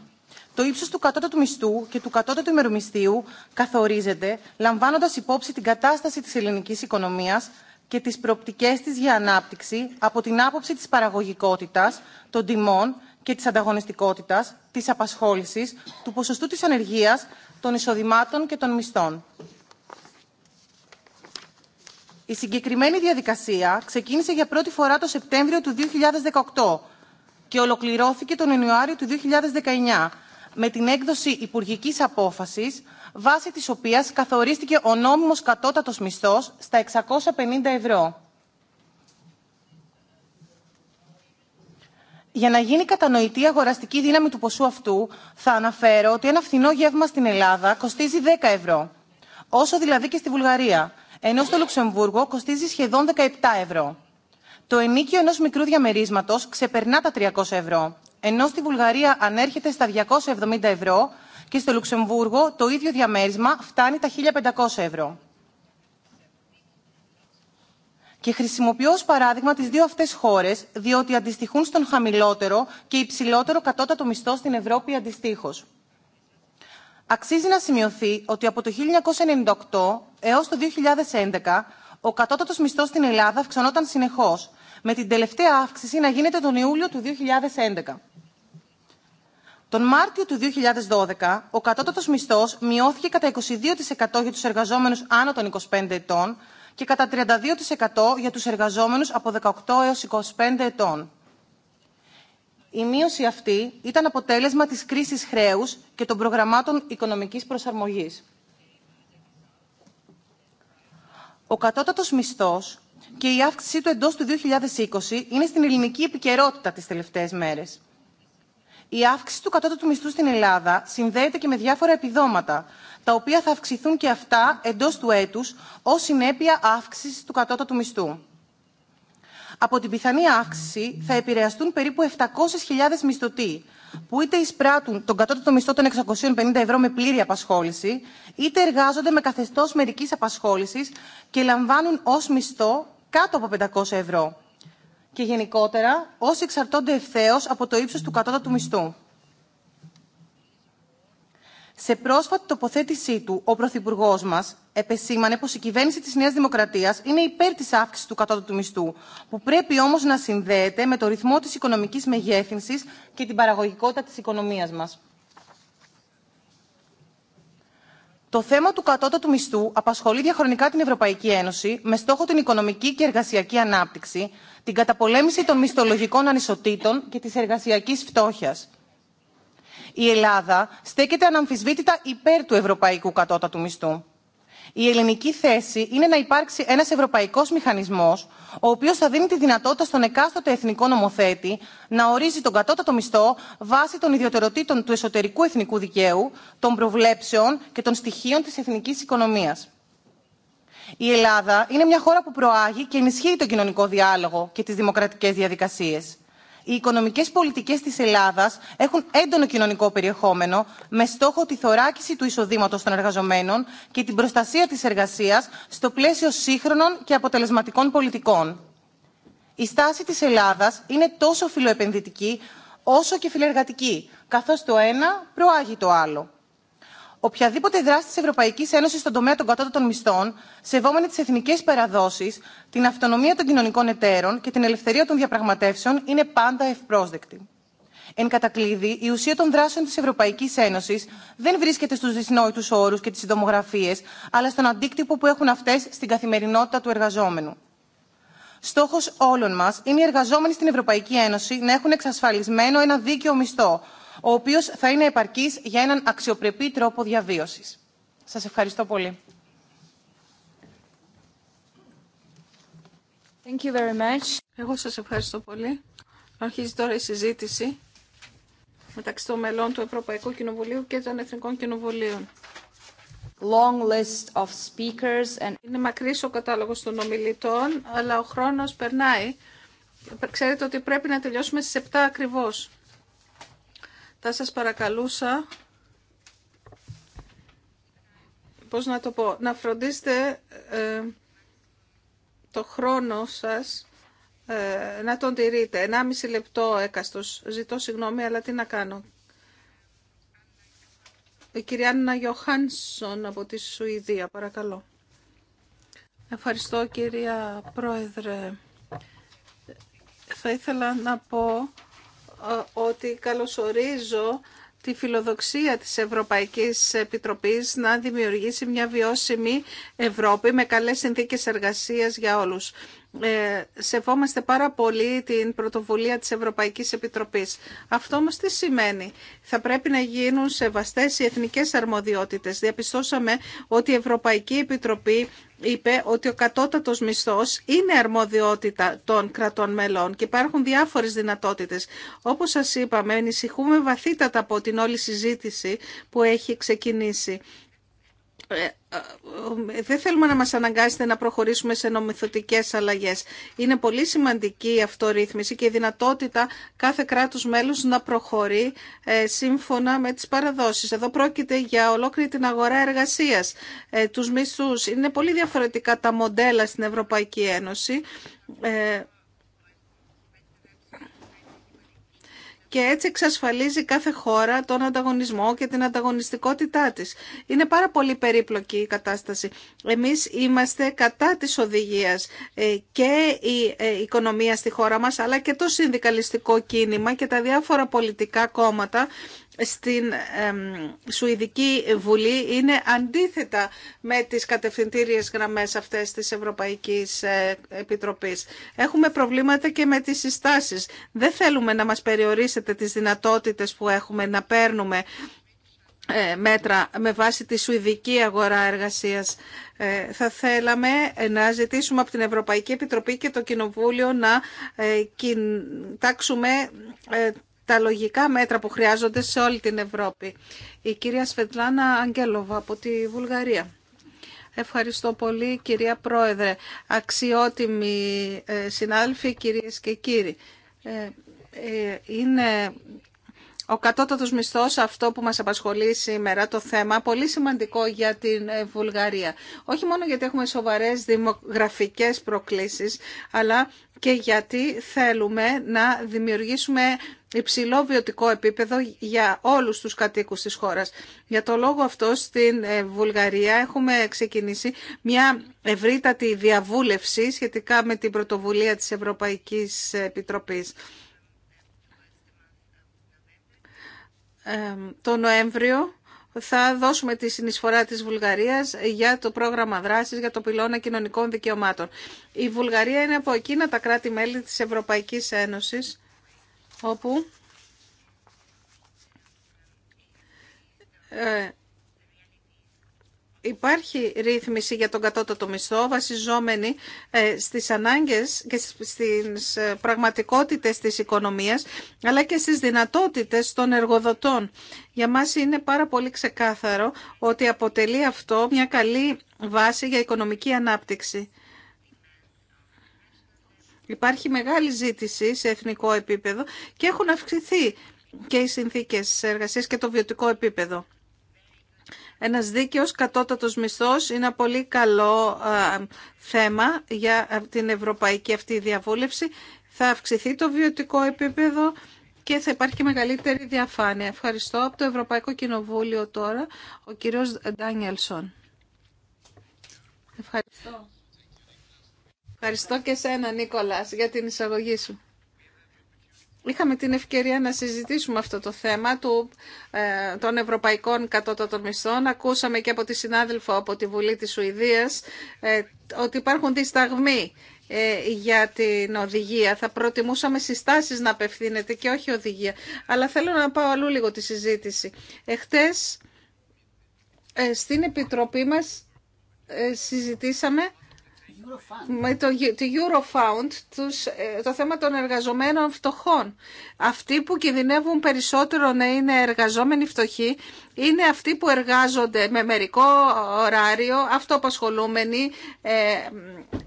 το ύψος του κατώτατου μισθού και του κατώτατου ημερομισθίου καθορίζεται λαμβάνοντας υπόψη την κατάσταση της ελληνικής οικονομίας, και τις προοπτικές της για ανάπτυξη από την άποψη της παραγωγικότητας, των τιμών και της ανταγωνιστικότητας, της απασχόλησης, του ποσοστού της ανεργίας, των εισοδημάτων και των μισθών. Η συγκεκριμένη διαδικασία ξεκίνησε για πρώτη φορά το Σεπτέμβριο του 2018 και ολοκληρώθηκε τον Ιανουάριο του 2019 με την έκδοση υπουργικής απόφασης βάσει της οποίας καθορίστηκε ο νόμιμος κατώτατος μισθός στα 650 ευρώ. Για να γίνει κατανοητή η αγοραστική δύναμη του ποσού αυτού, θα αναφέρω ότι ένα φθηνό γεύμα στην Ελλάδα κοστίζει 10 ευρώ, όσο δηλαδή και στη Βουλγαρία, ενώ στο Λουξεμβούργο κοστίζει σχεδόν 17 ευρώ. Το ενίκιο ενός μικρού διαμερίσματος ξεπερνά τα 300 ευρώ, ενώ στη Βουλγαρία ανέρχεται στα 270 ευρώ και στο Λουξεμβούργο το ίδιο διαμέρισμα φτάνει τα 1.500 ευρώ. Και χρησιμοποιώ ως παράδειγμα τις δύο αυτές χώρες, διότι αντιστοιχούν στον χαμηλότερο και υψηλότερο κατώτατο μισθό στην Ευρώπη αντιστοίχω. Αξίζει να σημειωθεί ότι από το 1998 έως το 2011 ο κατώτατος μισθός στην Ελλάδα αυξανόταν συνεχώς, με την τελευταία αύξηση να γίνεται τον Ιούλιο του 2011. Τον Μάρτιο του 2012, ο κατώτατος μισθός μειώθηκε κατά 22% για τους εργαζόμενους άνω των 25 ετών και κατά 32% για τους εργαζόμενους από 18 έως 25 ετών. Η μείωση αυτή ήταν αποτέλεσμα της κρίσης χρέους και των προγραμμάτων οικονομικής προσαρμογής. Ο κατώτατος μισθός και η αύξησή του εντός του 2020 είναι στην ελληνική επικαιρότητα τις τελευταίες μέρες. Η αύξηση του κατώτατου μισθού στην Ελλάδα συνδέεται και με διάφορα επιδόματα, τα οποία θα αυξηθούν και αυτά εντό του έτους ως συνέπεια αύξησης του κατώτατου μισθού. Από την πιθανή αύξηση θα επηρεαστούν περίπου 700.000 μισθωτοί, που είτε εισπράττουν τον κατώτατο μισθό των 650 ευρώ με πλήρη απασχόληση, είτε εργάζονται με καθεστώ μερική απασχόληση και λαμβάνουν ω μισθό κάτω από 500 ευρώ και γενικότερα όσοι εξαρτώνται ευθέω από το ύψο του κατώτατου μισθού. Σε πρόσφατη τοποθέτησή του, ο Πρωθυπουργό μα επεσήμανε πω η κυβέρνηση τη Νέα Δημοκρατία είναι υπέρ τη αύξηση του κατώτατου μισθού, που πρέπει όμω να συνδέεται με το ρυθμό τη οικονομική μεγέθυνση και την παραγωγικότητα τη οικονομία μα. Το θέμα του κατώτατου μισθού απασχολεί διαχρονικά την Ευρωπαϊκή Ένωση με στόχο την οικονομική και εργασιακή ανάπτυξη, την καταπολέμηση των μισθολογικών ανισοτήτων και της εργασιακής φτώχειας. Η Ελλάδα στέκεται αναμφισβήτητα υπέρ του ευρωπαϊκού κατώτατου μισθού. Η ελληνική θέση είναι να υπάρξει ένα ευρωπαϊκό μηχανισμό, ο οποίο θα δίνει τη δυνατότητα στον εκάστοτε εθνικό νομοθέτη να ορίζει τον κατώτατο μισθό βάσει των ιδιωτεροτήτων του εσωτερικού εθνικού δικαίου, των προβλέψεων και των στοιχείων τη εθνική οικονομία. Η Ελλάδα είναι μια χώρα που προάγει και ενισχύει τον κοινωνικό διάλογο και τι δημοκρατικέ διαδικασίε. Οι οικονομικές πολιτικές της Ελλάδας έχουν έντονο κοινωνικό περιεχόμενο με στόχο τη θωράκιση του εισοδήματος των εργαζομένων και την προστασία της εργασίας στο πλαίσιο σύγχρονων και αποτελεσματικών πολιτικών. Η στάση της Ελλάδας είναι τόσο φιλοεπενδυτική όσο και φιλεργατική, καθώς το ένα προάγει το άλλο οποιαδήποτε δράση τη Ευρωπαϊκή Ένωση στον τομέα των κατώτατων μισθών, σεβόμενη τι εθνικέ παραδόσει, την αυτονομία των κοινωνικών εταίρων και την ελευθερία των διαπραγματεύσεων, είναι πάντα ευπρόσδεκτη. Εν κατακλείδη, η ουσία των δράσεων τη Ευρωπαϊκή Ένωση δεν βρίσκεται στου δυσνόητου όρου και τι συντομογραφίε, αλλά στον αντίκτυπο που έχουν αυτέ στην καθημερινότητα του εργαζόμενου. Στόχο όλων μα είναι οι εργαζόμενοι στην Ευρωπαϊκή Ένωση να έχουν εξασφαλισμένο ένα δίκαιο μισθό, ο οποίος θα είναι επαρκής για έναν αξιοπρεπή τρόπο διαβίωσης. Σας ευχαριστώ πολύ. Thank you very much. Εγώ σας ευχαριστώ πολύ. Αρχίζει τώρα η συζήτηση μεταξύ των μελών του Ευρωπαϊκού Κοινοβουλίου και των Εθνικών Κοινοβουλίων. Long list of speakers and... Είναι μακρύς ο κατάλογος των ομιλητών, αλλά ο χρόνος περνάει. Ξέρετε ότι πρέπει να τελειώσουμε στις 7 ακριβώς θα σας παρακαλούσα πώς να το πω, να φροντίσετε ε, το χρόνο σας ε, να τον τηρείτε. 1,5 λεπτό έκαστος. Ζητώ συγγνώμη, αλλά τι να κάνω. Η κυρία Άννα Γιωχάνσον από τη Σουηδία, παρακαλώ. Ευχαριστώ κυρία Πρόεδρε. Θα ήθελα να πω ε, ότι καλωσορίζω τη φιλοδοξία της Ευρωπαϊκής Επιτροπής να δημιουργήσει μια βιώσιμη Ευρώπη με καλές συνθήκες εργασίας για όλους. Ε, σεβόμαστε πάρα πολύ την πρωτοβουλία της Ευρωπαϊκής Επιτροπής. Αυτό όμως τι σημαίνει. Θα πρέπει να γίνουν σεβαστές οι εθνικές αρμοδιότητες. Διαπιστώσαμε ότι η Ευρωπαϊκή Επιτροπή είπε ότι ο κατώτατος μισθός είναι αρμοδιότητα των κρατών μελών και υπάρχουν διάφορες δυνατότητες. Όπως σας είπαμε, ενησυχούμε βαθύτατα από την όλη συζήτηση που έχει ξεκινήσει ε, ε, ε, δεν θέλουμε να μας αναγκάζεται να προχωρήσουμε σε νομιθωτικές αλλαγές. Είναι πολύ σημαντική η αυτορύθμιση και η δυνατότητα κάθε κράτους μέλους να προχωρεί σύμφωνα με τις παραδόσεις. Εδώ πρόκειται για ολόκληρη την αγορά εργασίας, τους μισθούς. Είναι πολύ διαφορετικά τα μοντέλα στην Ευρωπαϊκή Ένωση και έτσι εξασφαλίζει κάθε χώρα τον ανταγωνισμό και την ανταγωνιστικότητά της. Είναι πάρα πολύ περίπλοκη η κατάσταση. Εμείς είμαστε κατά της οδηγίας ε, και η ε, οικονομία στη χώρα μας αλλά και το συνδικαλιστικό κίνημα και τα διάφορα πολιτικά κόμματα στην Σουηδική Βουλή είναι αντίθετα με τις κατευθυντήριες γραμμές αυτές της Ευρωπαϊκής ε, Επιτροπής. Έχουμε προβλήματα και με τις συστάσεις. Δεν θέλουμε να μας περιορίσετε τις δυνατότητες που έχουμε να παίρνουμε ε, μέτρα με βάση τη σουηδική αγορά εργασίας. Ε, θα θέλαμε να ζητήσουμε από την Ευρωπαϊκή Επιτροπή και το Κοινοβούλιο να κοιτάξουμε τα λογικά μέτρα που χρειάζονται σε όλη την Ευρώπη. Η κυρία Σφετλάνα Αγγέλοβα από τη Βουλγαρία. Ευχαριστώ πολύ κυρία Πρόεδρε, αξιότιμοι ε, συνάδελφοι, κυρίες και κύριοι. Ε, ε, είναι ο κατώτατος μισθός, αυτό που μας απασχολεί σήμερα το θέμα, πολύ σημαντικό για την Βουλγαρία. Όχι μόνο γιατί έχουμε σοβαρές δημογραφικές προκλήσεις, αλλά και γιατί θέλουμε να δημιουργήσουμε υψηλό βιωτικό επίπεδο για όλους τους κατοίκους της χώρας. Για το λόγο αυτό στην ε, Βουλγαρία έχουμε ξεκινήσει μια ευρύτατη διαβούλευση σχετικά με την πρωτοβουλία της Ευρωπαϊκής Επιτροπής. Ε, το Νοέμβριο θα δώσουμε τη συνεισφορά της Βουλγαρίας για το πρόγραμμα δράσης για το πυλώνα κοινωνικών δικαιωμάτων. Η Βουλγαρία είναι από εκείνα τα κράτη-μέλη της Ευρωπαϊκής Ένωσης, όπου ε, Υπάρχει ρύθμιση για τον κατώτατο μισθό βασιζόμενη ε, στις ανάγκες και στις ε, πραγματικότητες της οικονομίας αλλά και στις δυνατότητες των εργοδοτών. Για μας είναι πάρα πολύ ξεκάθαρο ότι αποτελεί αυτό μια καλή βάση για οικονομική ανάπτυξη. Υπάρχει μεγάλη ζήτηση σε εθνικό επίπεδο και έχουν αυξηθεί και οι συνθήκες εργασίας και το βιωτικό επίπεδο. Ένας δίκαιος κατώτατος μισθός είναι ένα πολύ καλό θέμα για την ευρωπαϊκή αυτή διαβούλευση. Θα αυξηθεί το βιωτικό επίπεδο και θα υπάρχει και μεγαλύτερη διαφάνεια. Ευχαριστώ. Από το Ευρωπαϊκό Κοινοβούλιο τώρα, ο κύριος Ντάνιελσον. Ευχαριστώ. Ευχαριστώ και σένα, Νίκολας, για την εισαγωγή σου. Είχαμε την ευκαιρία να συζητήσουμε αυτό το θέμα του, ε, των ευρωπαϊκών κατώτατων μισθών. Ακούσαμε και από τη συνάδελφο από τη Βουλή της Σουηδίας ε, ότι υπάρχουν δισταγμοί ε, για την οδηγία. Θα προτιμούσαμε συστάσεις να απευθύνεται και όχι οδηγία. Αλλά θέλω να πάω αλλού λίγο τη συζήτηση. Εχθές ε, στην Επιτροπή μας συζητήσαμε με το, τη Eurofound τους, ε, το θέμα των εργαζομένων φτωχών. Αυτοί που κινδυνεύουν περισσότερο να είναι εργαζόμενοι φτωχοί είναι αυτοί που εργάζονται με μερικό ωράριο, αυτοαπασχολούμενοι, ε,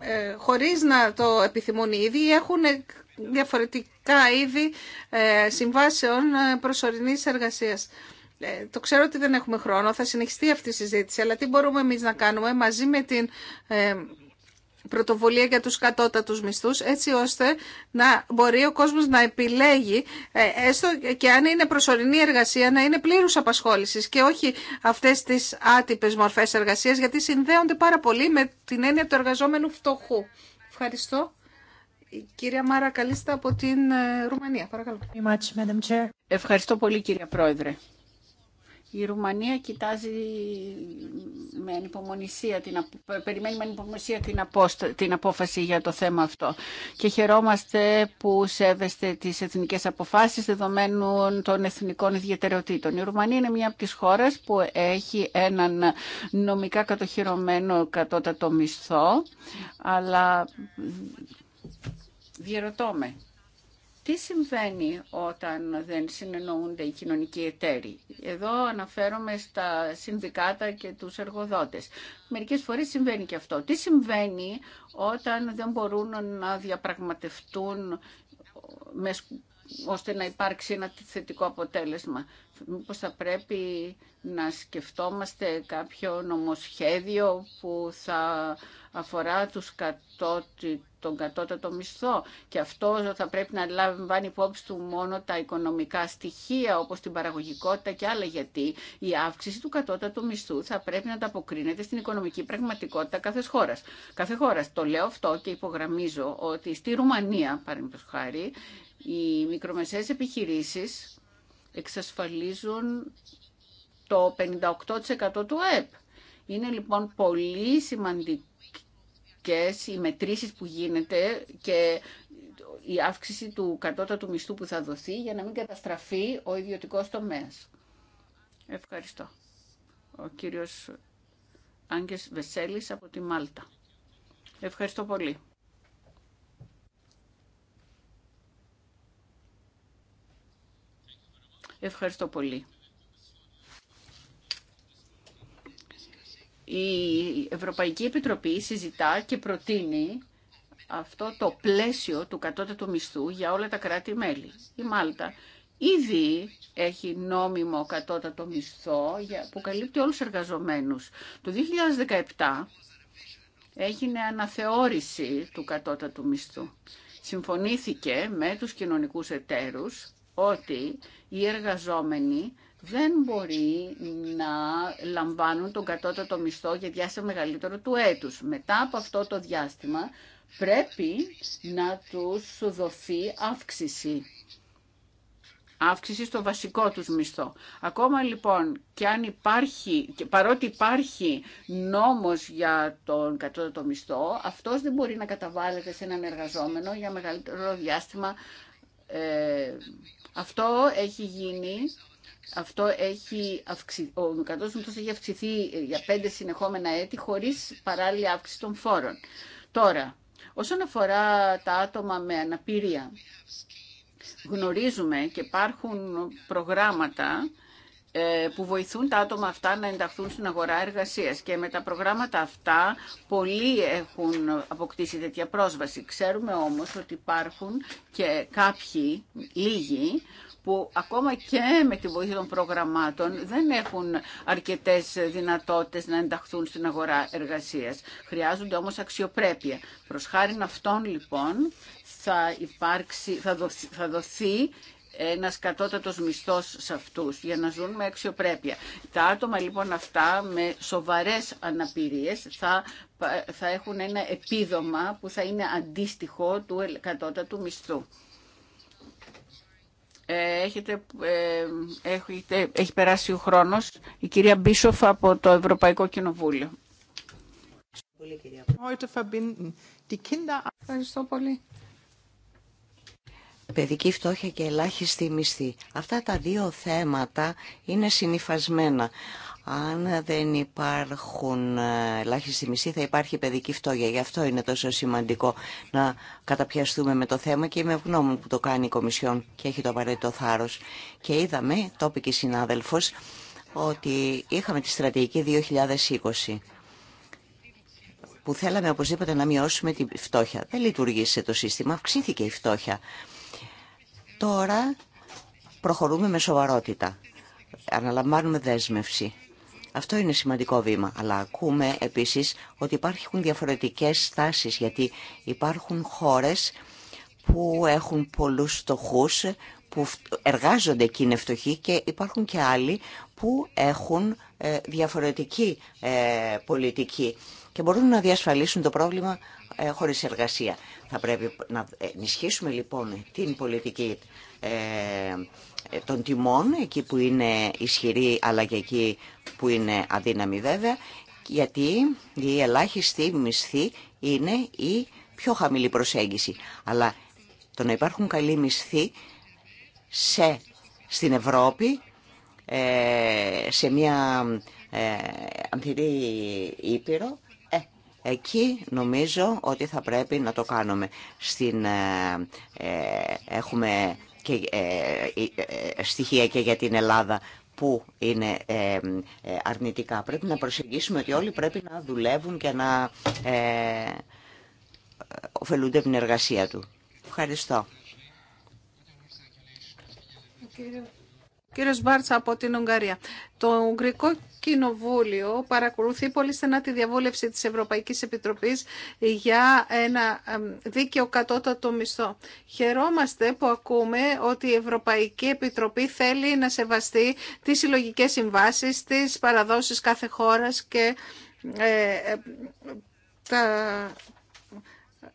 ε χωρίς να το επιθυμούν οι ίδιοι, έχουν διαφορετικά είδη ε, συμβάσεων προσωρινής εργασίας. Το ξέρω ότι δεν έχουμε χρόνο, θα συνεχιστεί αυτή η συζήτηση, αλλά τι μπορούμε εμείς να κάνουμε μαζί με την πρωτοβουλία για τους κατώτατους μισθούς, έτσι ώστε να μπορεί ο κόσμος να επιλέγει, ε, έστω και αν είναι προσωρινή εργασία, να είναι πλήρους απασχόλησης και όχι αυτές τις άτυπες μορφές εργασίας, γιατί συνδέονται πάρα πολύ με την έννοια του εργαζόμενου φτωχού. Ευχαριστώ. κυρία Μάρα Καλίστα από την ε, Ρουμανία, παρακαλώ. Ευχαριστώ πολύ, κυρία Πρόεδρε. Η Ρουμανία κοιτάζει με ανυπομονησία, την, περιμένει με ανυπομονησία την, απόφαση για το θέμα αυτό. Και χαιρόμαστε που σέβεστε τις εθνικές αποφάσεις δεδομένου των εθνικών ιδιαιτεροτήτων. Η Ρουμανία είναι μια από τις χώρες που έχει έναν νομικά κατοχυρωμένο κατώτατο μισθό, αλλά διαρωτώ με τι συμβαίνει όταν δεν συνεννοούνται οι κοινωνικοί εταίροι. Εδώ αναφέρομαι στα συνδικάτα και τους εργοδότες. Μερικές φορές συμβαίνει και αυτό. Τι συμβαίνει όταν δεν μπορούν να διαπραγματευτούν με ώστε να υπάρξει ένα θετικό αποτέλεσμα. Μήπως θα πρέπει να σκεφτόμαστε κάποιο νομοσχέδιο που θα αφορά τους κατώτη, τον κατώτατο μισθό και αυτό θα πρέπει να λαμβάνει υπόψη του μόνο τα οικονομικά στοιχεία όπως την παραγωγικότητα και άλλα γιατί η αύξηση του κατώτατου μισθού θα πρέπει να τα αποκρίνεται στην οικονομική πραγματικότητα κάθε χώρας. Κάθε χώρας. Το λέω αυτό και υπογραμμίζω ότι στη Ρουμανία, παραδείγματος χάρη, οι μικρομεσαίες επιχειρήσεις εξασφαλίζουν το 58% του ΕΠ. Είναι λοιπόν πολύ σημαντικές οι μετρήσεις που γίνεται και η αύξηση του κατώτατου μισθού που θα δοθεί για να μην καταστραφεί ο ιδιωτικός τομέας. Ευχαριστώ. Ο κύριος Άγγες Βεσέλης από τη Μάλτα. Ευχαριστώ πολύ. Ευχαριστώ πολύ. Η Ευρωπαϊκή Επιτροπή συζητά και προτείνει αυτό το πλαίσιο του κατώτατου μισθού για όλα τα κράτη-μέλη. Η Μάλτα ήδη έχει νόμιμο κατώτατο μισθό που καλύπτει όλους τους εργαζομένους. Το 2017 έγινε αναθεώρηση του κατώτατου μισθού. Συμφωνήθηκε με τους κοινωνικούς εταίρους ότι οι εργαζόμενοι δεν μπορεί να λαμβάνουν τον κατώτατο μισθό για διάστημα μεγαλύτερο του έτους. Μετά από αυτό το διάστημα πρέπει να τους δοθεί αύξηση. Αύξηση στο βασικό τους μισθό. Ακόμα λοιπόν και αν υπάρχει, παρότι υπάρχει νόμος για τον κατώτατο μισθό, αυτός δεν μπορεί να καταβάλλεται σε έναν εργαζόμενο για μεγαλύτερο διάστημα ε, αυτό έχει γίνει αυτό έχει αυξη... ο κατώτατος έχει αυξηθεί για πέντε συνεχόμενα έτη χωρίς παράλληλη αύξηση των φόρων. Τώρα, όσον αφορά τα άτομα με αναπηρία, γνωρίζουμε και υπάρχουν προγράμματα ε, που βοηθούν τα άτομα αυτά να ενταχθούν στην αγορά εργασίας. Και με τα προγράμματα αυτά πολλοί έχουν αποκτήσει τέτοια πρόσβαση. Ξέρουμε όμως ότι υπάρχουν και κάποιοι, λίγοι, που ακόμα και με τη βοήθεια των προγραμμάτων δεν έχουν αρκετές δυνατότητες να ενταχθούν στην αγορά εργασίας. Χρειάζονται όμως αξιοπρέπεια. Προς χάρη αυτών λοιπόν θα, θα, θα δοθεί ένας κατώτατος μισθός σε αυτούς για να ζουν με αξιοπρέπεια. Τα άτομα λοιπόν αυτά με σοβαρές αναπηρίες θα, θα έχουν ένα επίδομα που θα είναι αντίστοιχο του κατώτατου μισθού. Ε, έχετε, ε, έχετε, έχει περάσει ο χρόνος η κυρία Μπίσοφ από το Ευρωπαϊκό Κοινοβούλιο. Ευχαριστώ πολύ παιδική φτώχεια και ελάχιστη μισθή. Αυτά τα δύο θέματα είναι συνειφασμένα. Αν δεν υπάρχουν ε, ελάχιστη μισή θα υπάρχει παιδική φτώχεια. Γι' αυτό είναι τόσο σημαντικό να καταπιαστούμε με το θέμα και είμαι ευγνώμων που το κάνει η Κομισιόν και έχει το απαραίτητο θάρρος. Και είδαμε, τόπικη συνάδελφος, ότι είχαμε τη στρατηγική 2020 που θέλαμε οπωσδήποτε να μειώσουμε τη φτώχεια. Δεν λειτουργήσε το σύστημα, αυξήθηκε η φτώχεια. Τώρα προχωρούμε με σοβαρότητα. Αναλαμβάνουμε δέσμευση. Αυτό είναι σημαντικό βήμα. Αλλά ακούμε επίσης ότι υπάρχουν διαφορετικές στάσεις γιατί υπάρχουν χώρες που έχουν πολλούς φτωχού, που εργάζονται και φτωχοί και υπάρχουν και άλλοι που έχουν ε, διαφορετική ε, πολιτική και μπορούν να διασφαλίσουν το πρόβλημα ε, χωρίς εργασία. Θα πρέπει να ενισχύσουμε λοιπόν την πολιτική ε, ε, των τιμών, εκεί που είναι ισχυρή αλλά και εκεί που είναι αδύναμη βέβαια, γιατί η ελάχιστη μισθή είναι η πιο χαμηλή προσέγγιση. Αλλά το να υπάρχουν καλοί μισθοί σε, στην Ευρώπη, σε μια ανθυρή ήπειρο, Εκεί νομίζω ότι θα πρέπει να το κάνουμε. Στην, ε, ε, έχουμε και, ε, ε, στοιχεία και για την Ελλάδα που είναι αρνητικά. Πρέπει να προσεγγίσουμε ότι όλοι πρέπει να δουλεύουν και να ε, ωφελούνται από την εργασία του. Ευχαριστώ κύριος Μπάρτσα από την Ουγγαρία. Το Ουγγρικό Κοινοβούλιο παρακολουθεί πολύ στενά τη διαβούλευση της Ευρωπαϊκής Επιτροπής για ένα δίκαιο κατώτατο μισθό. Χαιρόμαστε που ακούμε ότι η Ευρωπαϊκή Επιτροπή θέλει να σεβαστεί τις συλλογικές συμβάσεις, τις παραδόσεις κάθε χώρας και ε, ε, τα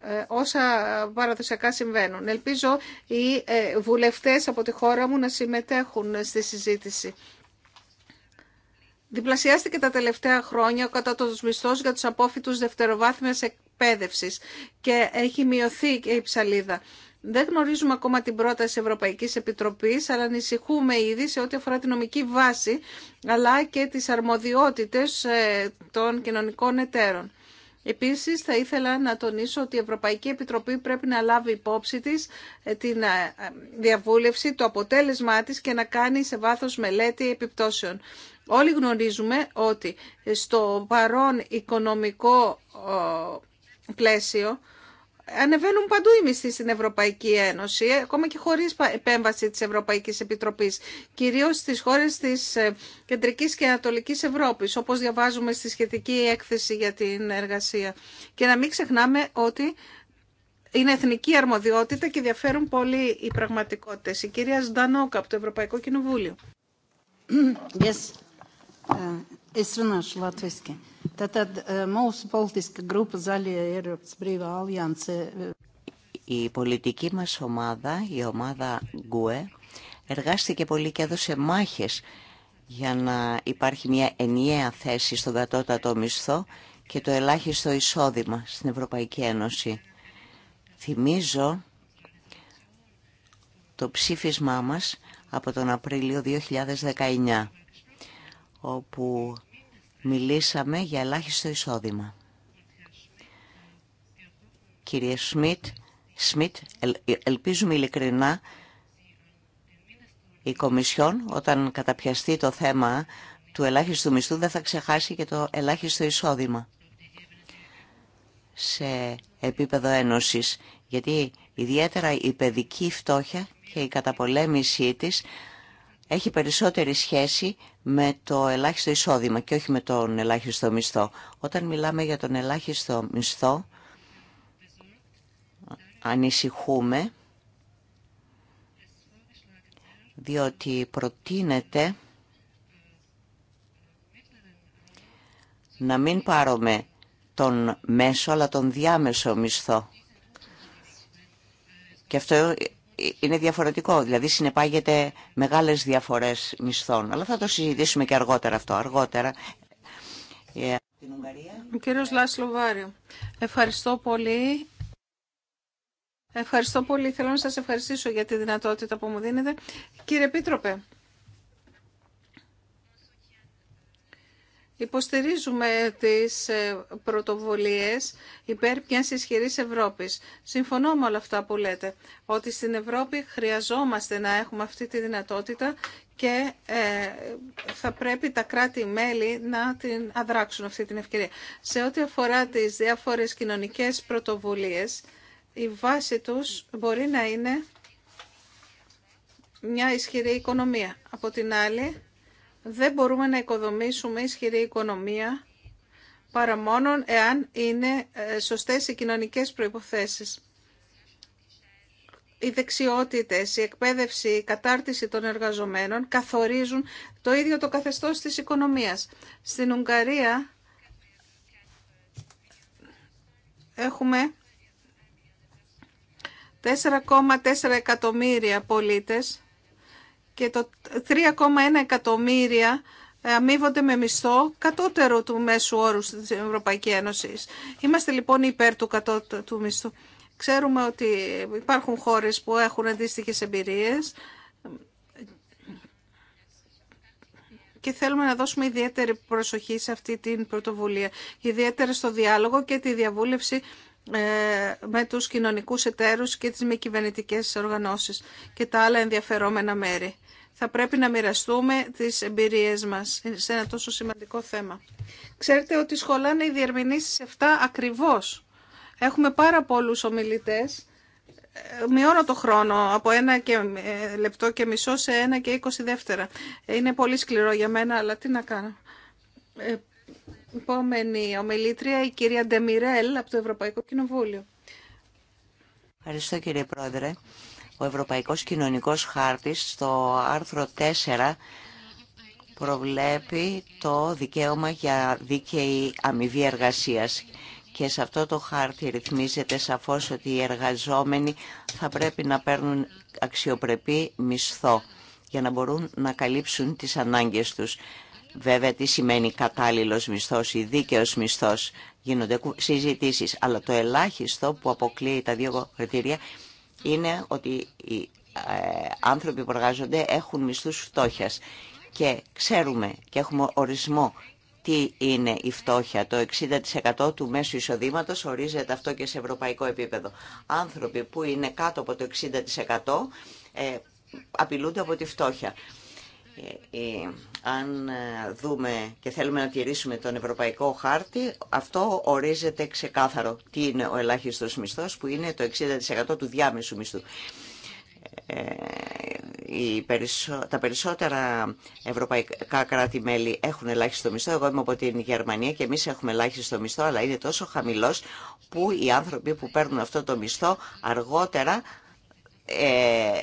ε, όσα παραδοσιακά συμβαίνουν. Ελπίζω οι ε, βουλευτές από τη χώρα μου να συμμετέχουν στη συζήτηση. Διπλασιάστηκε τα τελευταία χρόνια ο τους μισθός για τους απόφοιτους δευτεροβάθμιας εκπαίδευσης και έχει μειωθεί και η ψαλίδα. Δεν γνωρίζουμε ακόμα την πρόταση Ευρωπαϊκής Επιτροπής, αλλά ανησυχούμε ήδη σε ό,τι αφορά την νομική βάση, αλλά και τις αρμοδιότητες ε, των κοινωνικών εταίρων. Επίσης, θα ήθελα να τονίσω ότι η Ευρωπαϊκή Επιτροπή πρέπει να λάβει υπόψη της ε, την ε, ε, διαβούλευση, το αποτέλεσμά τη και να κάνει σε βάθο μελέτη επιπτώσεων. Όλοι γνωρίζουμε ότι στο παρόν οικονομικό πλαίσιο Ανεβαίνουν παντού οι μισθοί στην Ευρωπαϊκή Ένωση, ακόμα και χωρίς επέμβαση της Ευρωπαϊκής Επιτροπής, κυρίως στις χώρες της ε, Κεντρικής και Ανατολικής Ευρώπης, όπως διαβάζουμε στη σχετική έκθεση για την εργασία. Και να μην ξεχνάμε ότι είναι εθνική αρμοδιότητα και διαφέρουν πολύ οι πραγματικότητες. Η κυρία Σντανόκα από το Ευρωπαϊκό Κοινοβούλιο. Yes. Η πολιτική μας ομάδα, η ομάδα ΓΚΟΕ, εργάστηκε πολύ και έδωσε μάχες για να υπάρχει μια ενιαία θέση στον κατώτατο μισθό και το ελάχιστο εισόδημα στην Ευρωπαϊκή Ένωση. Θυμίζω το ψήφισμά μας από τον Απρίλιο 2019 όπου μιλήσαμε για ελάχιστο εισόδημα. Κύριε Σμιτ, Σμιτ ελπίζουμε ειλικρινά η Κομισιόν όταν καταπιαστεί το θέμα του ελάχιστου μισθού δεν θα ξεχάσει και το ελάχιστο εισόδημα σε επίπεδο ένωσης γιατί ιδιαίτερα η παιδική φτώχεια και η καταπολέμησή της έχει περισσότερη σχέση με το ελάχιστο εισόδημα και όχι με τον ελάχιστο μισθό. Όταν μιλάμε για τον ελάχιστο μισθό, ανησυχούμε διότι προτείνεται να μην πάρουμε τον μέσο αλλά τον διάμεσο μισθό. Και αυτό είναι διαφορετικό, δηλαδή συνεπάγεται μεγάλες διαφορές μισθών. Αλλά θα το συζητήσουμε και αργότερα αυτό, αργότερα. Ε, Ο κύριος Λάσλο Βάριο, ευχαριστώ πολύ. Ευχαριστώ πολύ. Θέλω να σας ευχαριστήσω για τη δυνατότητα που μου δίνετε. Κύριε Πίτροπε, Υποστηρίζουμε τις ε, πρωτοβουλίες υπέρ μια ισχυρής Ευρώπης. Συμφωνώ με όλα αυτά που λέτε, ότι στην Ευρώπη χρειαζόμαστε να έχουμε αυτή τη δυνατότητα και ε, θα πρέπει τα κράτη-μέλη να την αδράξουν αυτή την ευκαιρία. Σε ό,τι αφορά τις διάφορες κοινωνικές πρωτοβουλίες, η βάση τους μπορεί να είναι μια ισχυρή οικονομία. Από την άλλη, δεν μπορούμε να οικοδομήσουμε ισχυρή οικονομία παρά μόνο εάν είναι ε, σωστές οι κοινωνικές προϋποθέσεις. Οι δεξιότητες, η εκπαίδευση, η κατάρτιση των εργαζομένων καθορίζουν το ίδιο το καθεστώς της οικονομίας. Στην Ουγγαρία έχουμε 4,4 εκατομμύρια πολίτες και το 3,1 εκατομμύρια αμείβονται με μισθό κατώτερο του μέσου όρου της Ευρωπαϊκής Ένωσης. Είμαστε λοιπόν υπέρ του κατώτερου μισθού. Ξέρουμε ότι υπάρχουν χώρες που έχουν αντίστοιχε εμπειρίες και θέλουμε να δώσουμε ιδιαίτερη προσοχή σε αυτή την πρωτοβουλία, ιδιαίτερα στο διάλογο και τη διαβούλευση ε, με τους κοινωνικούς εταίρους και τις μη κυβερνητικέ οργανώσεις και τα άλλα ενδιαφερόμενα μέρη θα πρέπει να μοιραστούμε τις εμπειρίες μας σε ένα τόσο σημαντικό θέμα. Ξέρετε ότι σχολάνε οι διερμηνήσεις 7 ακριβώς. Έχουμε πάρα πολλούς ομιλητές. Μειώνω το χρόνο από ένα και, ε, λεπτό και μισό σε ένα και είκοσι δεύτερα. Είναι πολύ σκληρό για μένα, αλλά τι να κάνω. Ε, επόμενη ομιλήτρια, η κυρία Ντεμιρέλ από το Ευρωπαϊκό Κοινοβούλιο. Ευχαριστώ κύριε Πρόεδρε. Ο Ευρωπαϊκός Κοινωνικός Χάρτης στο άρθρο 4 προβλέπει το δικαίωμα για δίκαιη αμοιβή εργασίας και σε αυτό το χάρτη ρυθμίζεται σαφώς ότι οι εργαζόμενοι θα πρέπει να παίρνουν αξιοπρεπή μισθό για να μπορούν να καλύψουν τις ανάγκες τους. Βέβαια, τι σημαίνει κατάλληλος μισθός ή δίκαιος μισθός. Γίνονται συζητήσεις, αλλά το ελάχιστο που αποκλείει τα δύο κριτήρια είναι ότι οι ε, άνθρωποι που εργάζονται έχουν μισθούς φτώχειας και ξέρουμε και έχουμε ορισμό τι είναι η φτώχεια. Το 60% του μέσου εισοδήματος ορίζεται αυτό και σε ευρωπαϊκό επίπεδο. Άνθρωποι που είναι κάτω από το 60% ε, απειλούνται από τη φτώχεια. Ε, αν ε, δούμε και θέλουμε να τηρήσουμε τον Ευρωπαϊκό Χάρτη, αυτό ορίζεται ξεκάθαρο τι είναι ο ελάχιστος μισθός, που είναι το 60% του διάμεσου μισθού. Ε, τα περισσότερα ευρωπαϊκά κράτη-μέλη έχουν ελάχιστο μισθό. Εγώ είμαι από την Γερμανία και εμείς έχουμε ελάχιστο μισθό, αλλά είναι τόσο χαμηλός που οι άνθρωποι που παίρνουν αυτό το μισθό αργότερα ε,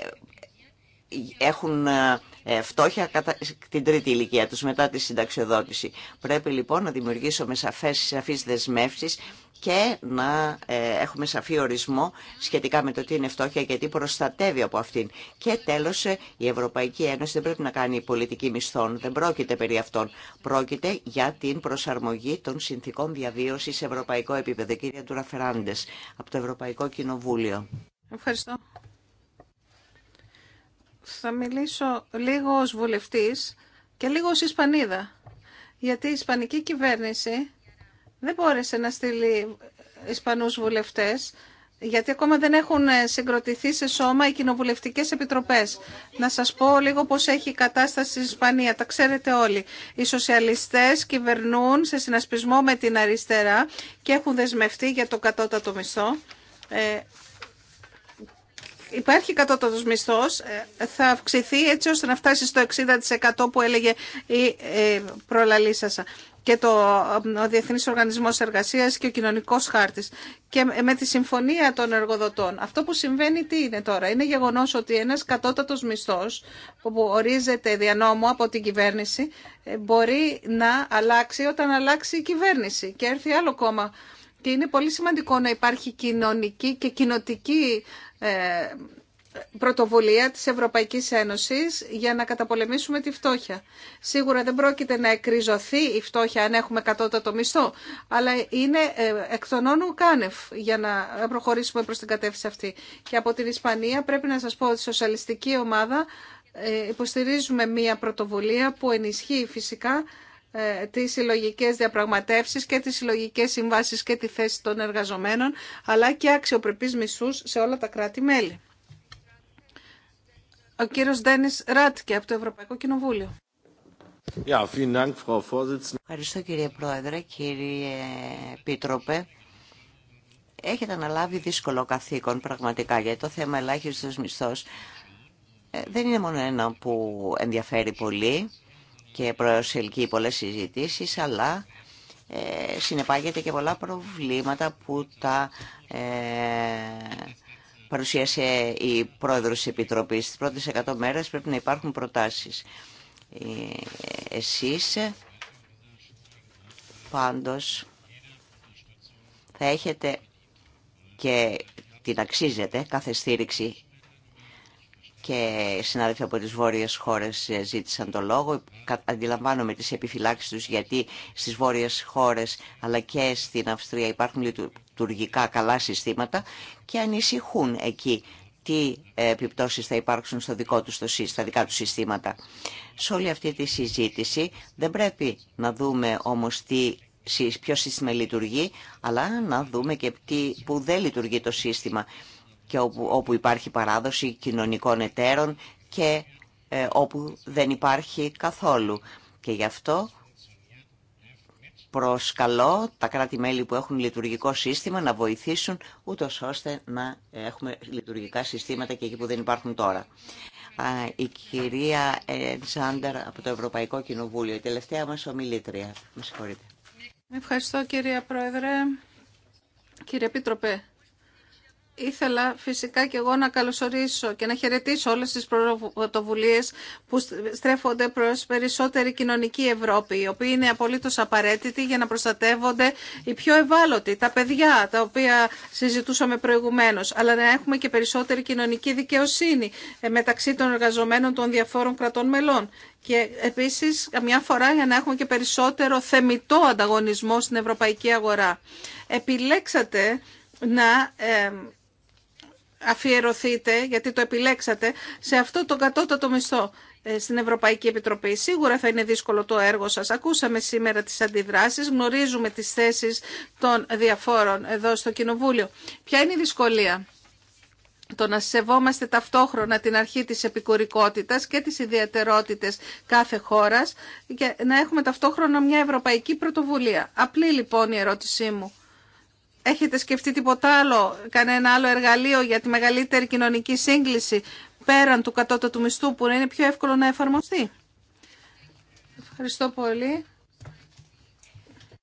έχουν ε, ε, φτώχεια κατά την τρίτη ηλικία τους μετά τη συνταξιοδότηση. Πρέπει λοιπόν να δημιουργήσουμε σαφές, σαφείς δεσμεύσεις και να ε, έχουμε σαφή ορισμό σχετικά με το τι είναι φτώχεια και τι προστατεύει από αυτήν. Και τέλος, ε, η Ευρωπαϊκή Ένωση δεν πρέπει να κάνει πολιτική μισθών. Δεν πρόκειται περί αυτών. Πρόκειται για την προσαρμογή των συνθήκων διαβίωσης σε ευρωπαϊκό επίπεδο. Κύριε Τουραφεράντες, από το Ευρωπαϊκό Κοινοβούλιο. Ευχαριστώ θα μιλήσω λίγο ως βουλευτής και λίγο ως Ισπανίδα. Γιατί η Ισπανική κυβέρνηση δεν μπόρεσε να στείλει Ισπανούς βουλευτές γιατί ακόμα δεν έχουν συγκροτηθεί σε σώμα οι κοινοβουλευτικέ επιτροπές. Να σας πω λίγο πώς έχει η κατάσταση στην Ισπανία. Τα ξέρετε όλοι. Οι σοσιαλιστές κυβερνούν σε συνασπισμό με την αριστερά και έχουν δεσμευτεί για το κατώτατο μισθό. Ε, υπάρχει κατώτατος μισθός, ε, θα αυξηθεί έτσι ώστε να φτάσει στο 60% που έλεγε η ε, προλαλήσασα και το, ο Διεθνής Οργανισμός Εργασίας και ο Κοινωνικός Χάρτης και με τη συμφωνία των εργοδοτών. Αυτό που συμβαίνει τι είναι τώρα. Είναι γεγονός ότι ένας κατώτατος μισθός που ορίζεται δια νόμου από την κυβέρνηση ε, μπορεί να αλλάξει όταν αλλάξει η κυβέρνηση και έρθει άλλο κόμμα. Και είναι πολύ σημαντικό να υπάρχει κοινωνική και κοινοτική ε, πρωτοβουλία της Ευρωπαϊκής Ένωσης για να καταπολεμήσουμε τη φτώχεια. Σίγουρα δεν πρόκειται να εκριζωθεί η φτώχεια αν έχουμε κατώτατο μισθό, αλλά είναι ε, εκ των όνων κάνευ για να προχωρήσουμε προς την κατεύθυνση αυτή. Και από την Ισπανία πρέπει να σας πω ότι η σοσιαλιστική ομάδα ε, υποστηρίζουμε μία πρωτοβουλία που ενισχύει φυσικά ε, τι συλλογικέ διαπραγματεύσεις και τι συλλογικέ συμβάσεις και τη θέση των εργαζομένων, αλλά και αξιοπρεπείς μισούς σε όλα τα κράτη-μέλη. Ο κύριος Ντένις Ράτκε από το Ευρωπαϊκό Κοινοβούλιο. Ευχαριστώ κύριε Πρόεδρε, κύριε Πίτροπε. Έχετε αναλάβει δύσκολο καθήκον πραγματικά γιατί το θέμα ελάχιστος μισθό. Ε, δεν είναι μόνο ένα που ενδιαφέρει πολύ και προσελκύει πολλές συζητήσεις, αλλά ε, συνεπάγεται και πολλά προβλήματα που τα ε, παρουσίασε η πρόεδρος της Επιτροπής. Στις πρώτες 100 μέρες πρέπει να υπάρχουν προτάσεις. Ε, εσείς πάντως θα έχετε και την αξίζετε κάθε στήριξη και συνάδελφοι από τις βόρειες χώρες ε, ζήτησαν το λόγο. Αντιλαμβάνομαι τις επιφυλάξεις τους γιατί στις βόρειες χώρες αλλά και στην Αυστρία υπάρχουν λειτουργικά καλά συστήματα και ανησυχούν εκεί τι ε, επιπτώσεις θα υπάρξουν στο δικό τους το, στα δικά τους συστήματα. Σε όλη αυτή τη συζήτηση δεν πρέπει να δούμε όμως τι ποιο σύστημα λειτουργεί, αλλά να δούμε και τι, που δεν λειτουργεί το σύστημα και όπου, υπάρχει παράδοση κοινωνικών εταίρων και ε, όπου δεν υπάρχει καθόλου. Και γι' αυτό προσκαλώ τα κράτη-μέλη που έχουν λειτουργικό σύστημα να βοηθήσουν ούτω ώστε να έχουμε λειτουργικά συστήματα και εκεί που δεν υπάρχουν τώρα. Η κυρία Τζάντερ από το Ευρωπαϊκό Κοινοβούλιο, η τελευταία μας ομιλήτρια. Με Ευχαριστώ κυρία Πρόεδρε. Κύριε Επίτροπε, Ήθελα φυσικά και εγώ να καλωσορίσω και να χαιρετήσω όλες τις πρωτοβουλίε που στρέφονται προς περισσότερη κοινωνική Ευρώπη, οι οποίοι είναι απολύτως απαραίτητοι για να προστατεύονται οι πιο ευάλωτοι, τα παιδιά, τα οποία συζητούσαμε προηγουμένως, αλλά να έχουμε και περισσότερη κοινωνική δικαιοσύνη ε, μεταξύ των εργαζομένων των διαφόρων κρατών μελών. Και επίσης, μια φορά, για να έχουμε και περισσότερο θεμητό ανταγωνισμό στην ευρωπαϊκή αγορά. Επιλέξατε να ε, αφιερωθείτε, γιατί το επιλέξατε, σε αυτό το κατώτατο μισθό ε, στην Ευρωπαϊκή Επιτροπή. Σίγουρα θα είναι δύσκολο το έργο σας. Ακούσαμε σήμερα τις αντιδράσεις, γνωρίζουμε τις θέσεις των διαφόρων εδώ στο Κοινοβούλιο. Ποια είναι η δυσκολία? Το να σεβόμαστε ταυτόχρονα την αρχή της επικουρικότητας και τις ιδιαιτερότητες κάθε χώρας και να έχουμε ταυτόχρονα μια ευρωπαϊκή πρωτοβουλία. Απλή λοιπόν η ερώτησή μου. Έχετε σκεφτεί τίποτα άλλο, κανένα άλλο εργαλείο για τη μεγαλύτερη κοινωνική σύγκληση πέραν του κατώτατου μισθού που είναι πιο εύκολο να εφαρμοστεί. Ευχαριστώ πολύ.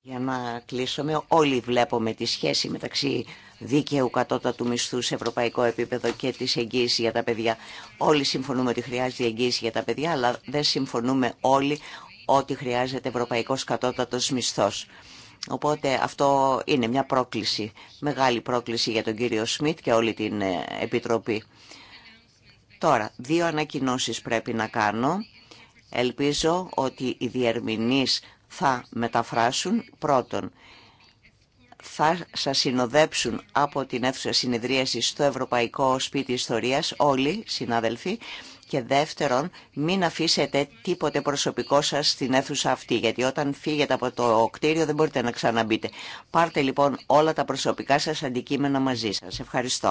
Για να κλείσουμε, όλοι βλέπουμε τη σχέση μεταξύ δίκαιου κατώτατου μισθού σε ευρωπαϊκό επίπεδο και τη εγγύηση για τα παιδιά. Όλοι συμφωνούμε ότι χρειάζεται εγγύηση για τα παιδιά, αλλά δεν συμφωνούμε όλοι ότι χρειάζεται ευρωπαϊκός κατώτατος μισθός. Οπότε αυτό είναι μια πρόκληση, μεγάλη πρόκληση για τον κύριο Σμιτ και όλη την ε, Επιτροπή. Τώρα, δύο ανακοινώσεις πρέπει να κάνω. Ελπίζω ότι οι διερμηνείς θα μεταφράσουν. Πρώτον, θα σας συνοδέψουν από την αίθουσα συνεδρίαση στο Ευρωπαϊκό Σπίτι Ιστορίας όλοι συνάδελφοι και δεύτερον μην αφήσετε τίποτε προσωπικό σας στην αίθουσα αυτή γιατί όταν φύγετε από το κτίριο δεν μπορείτε να ξαναμπείτε. Πάρτε λοιπόν όλα τα προσωπικά σας αντικείμενα μαζί σας. Ευχαριστώ.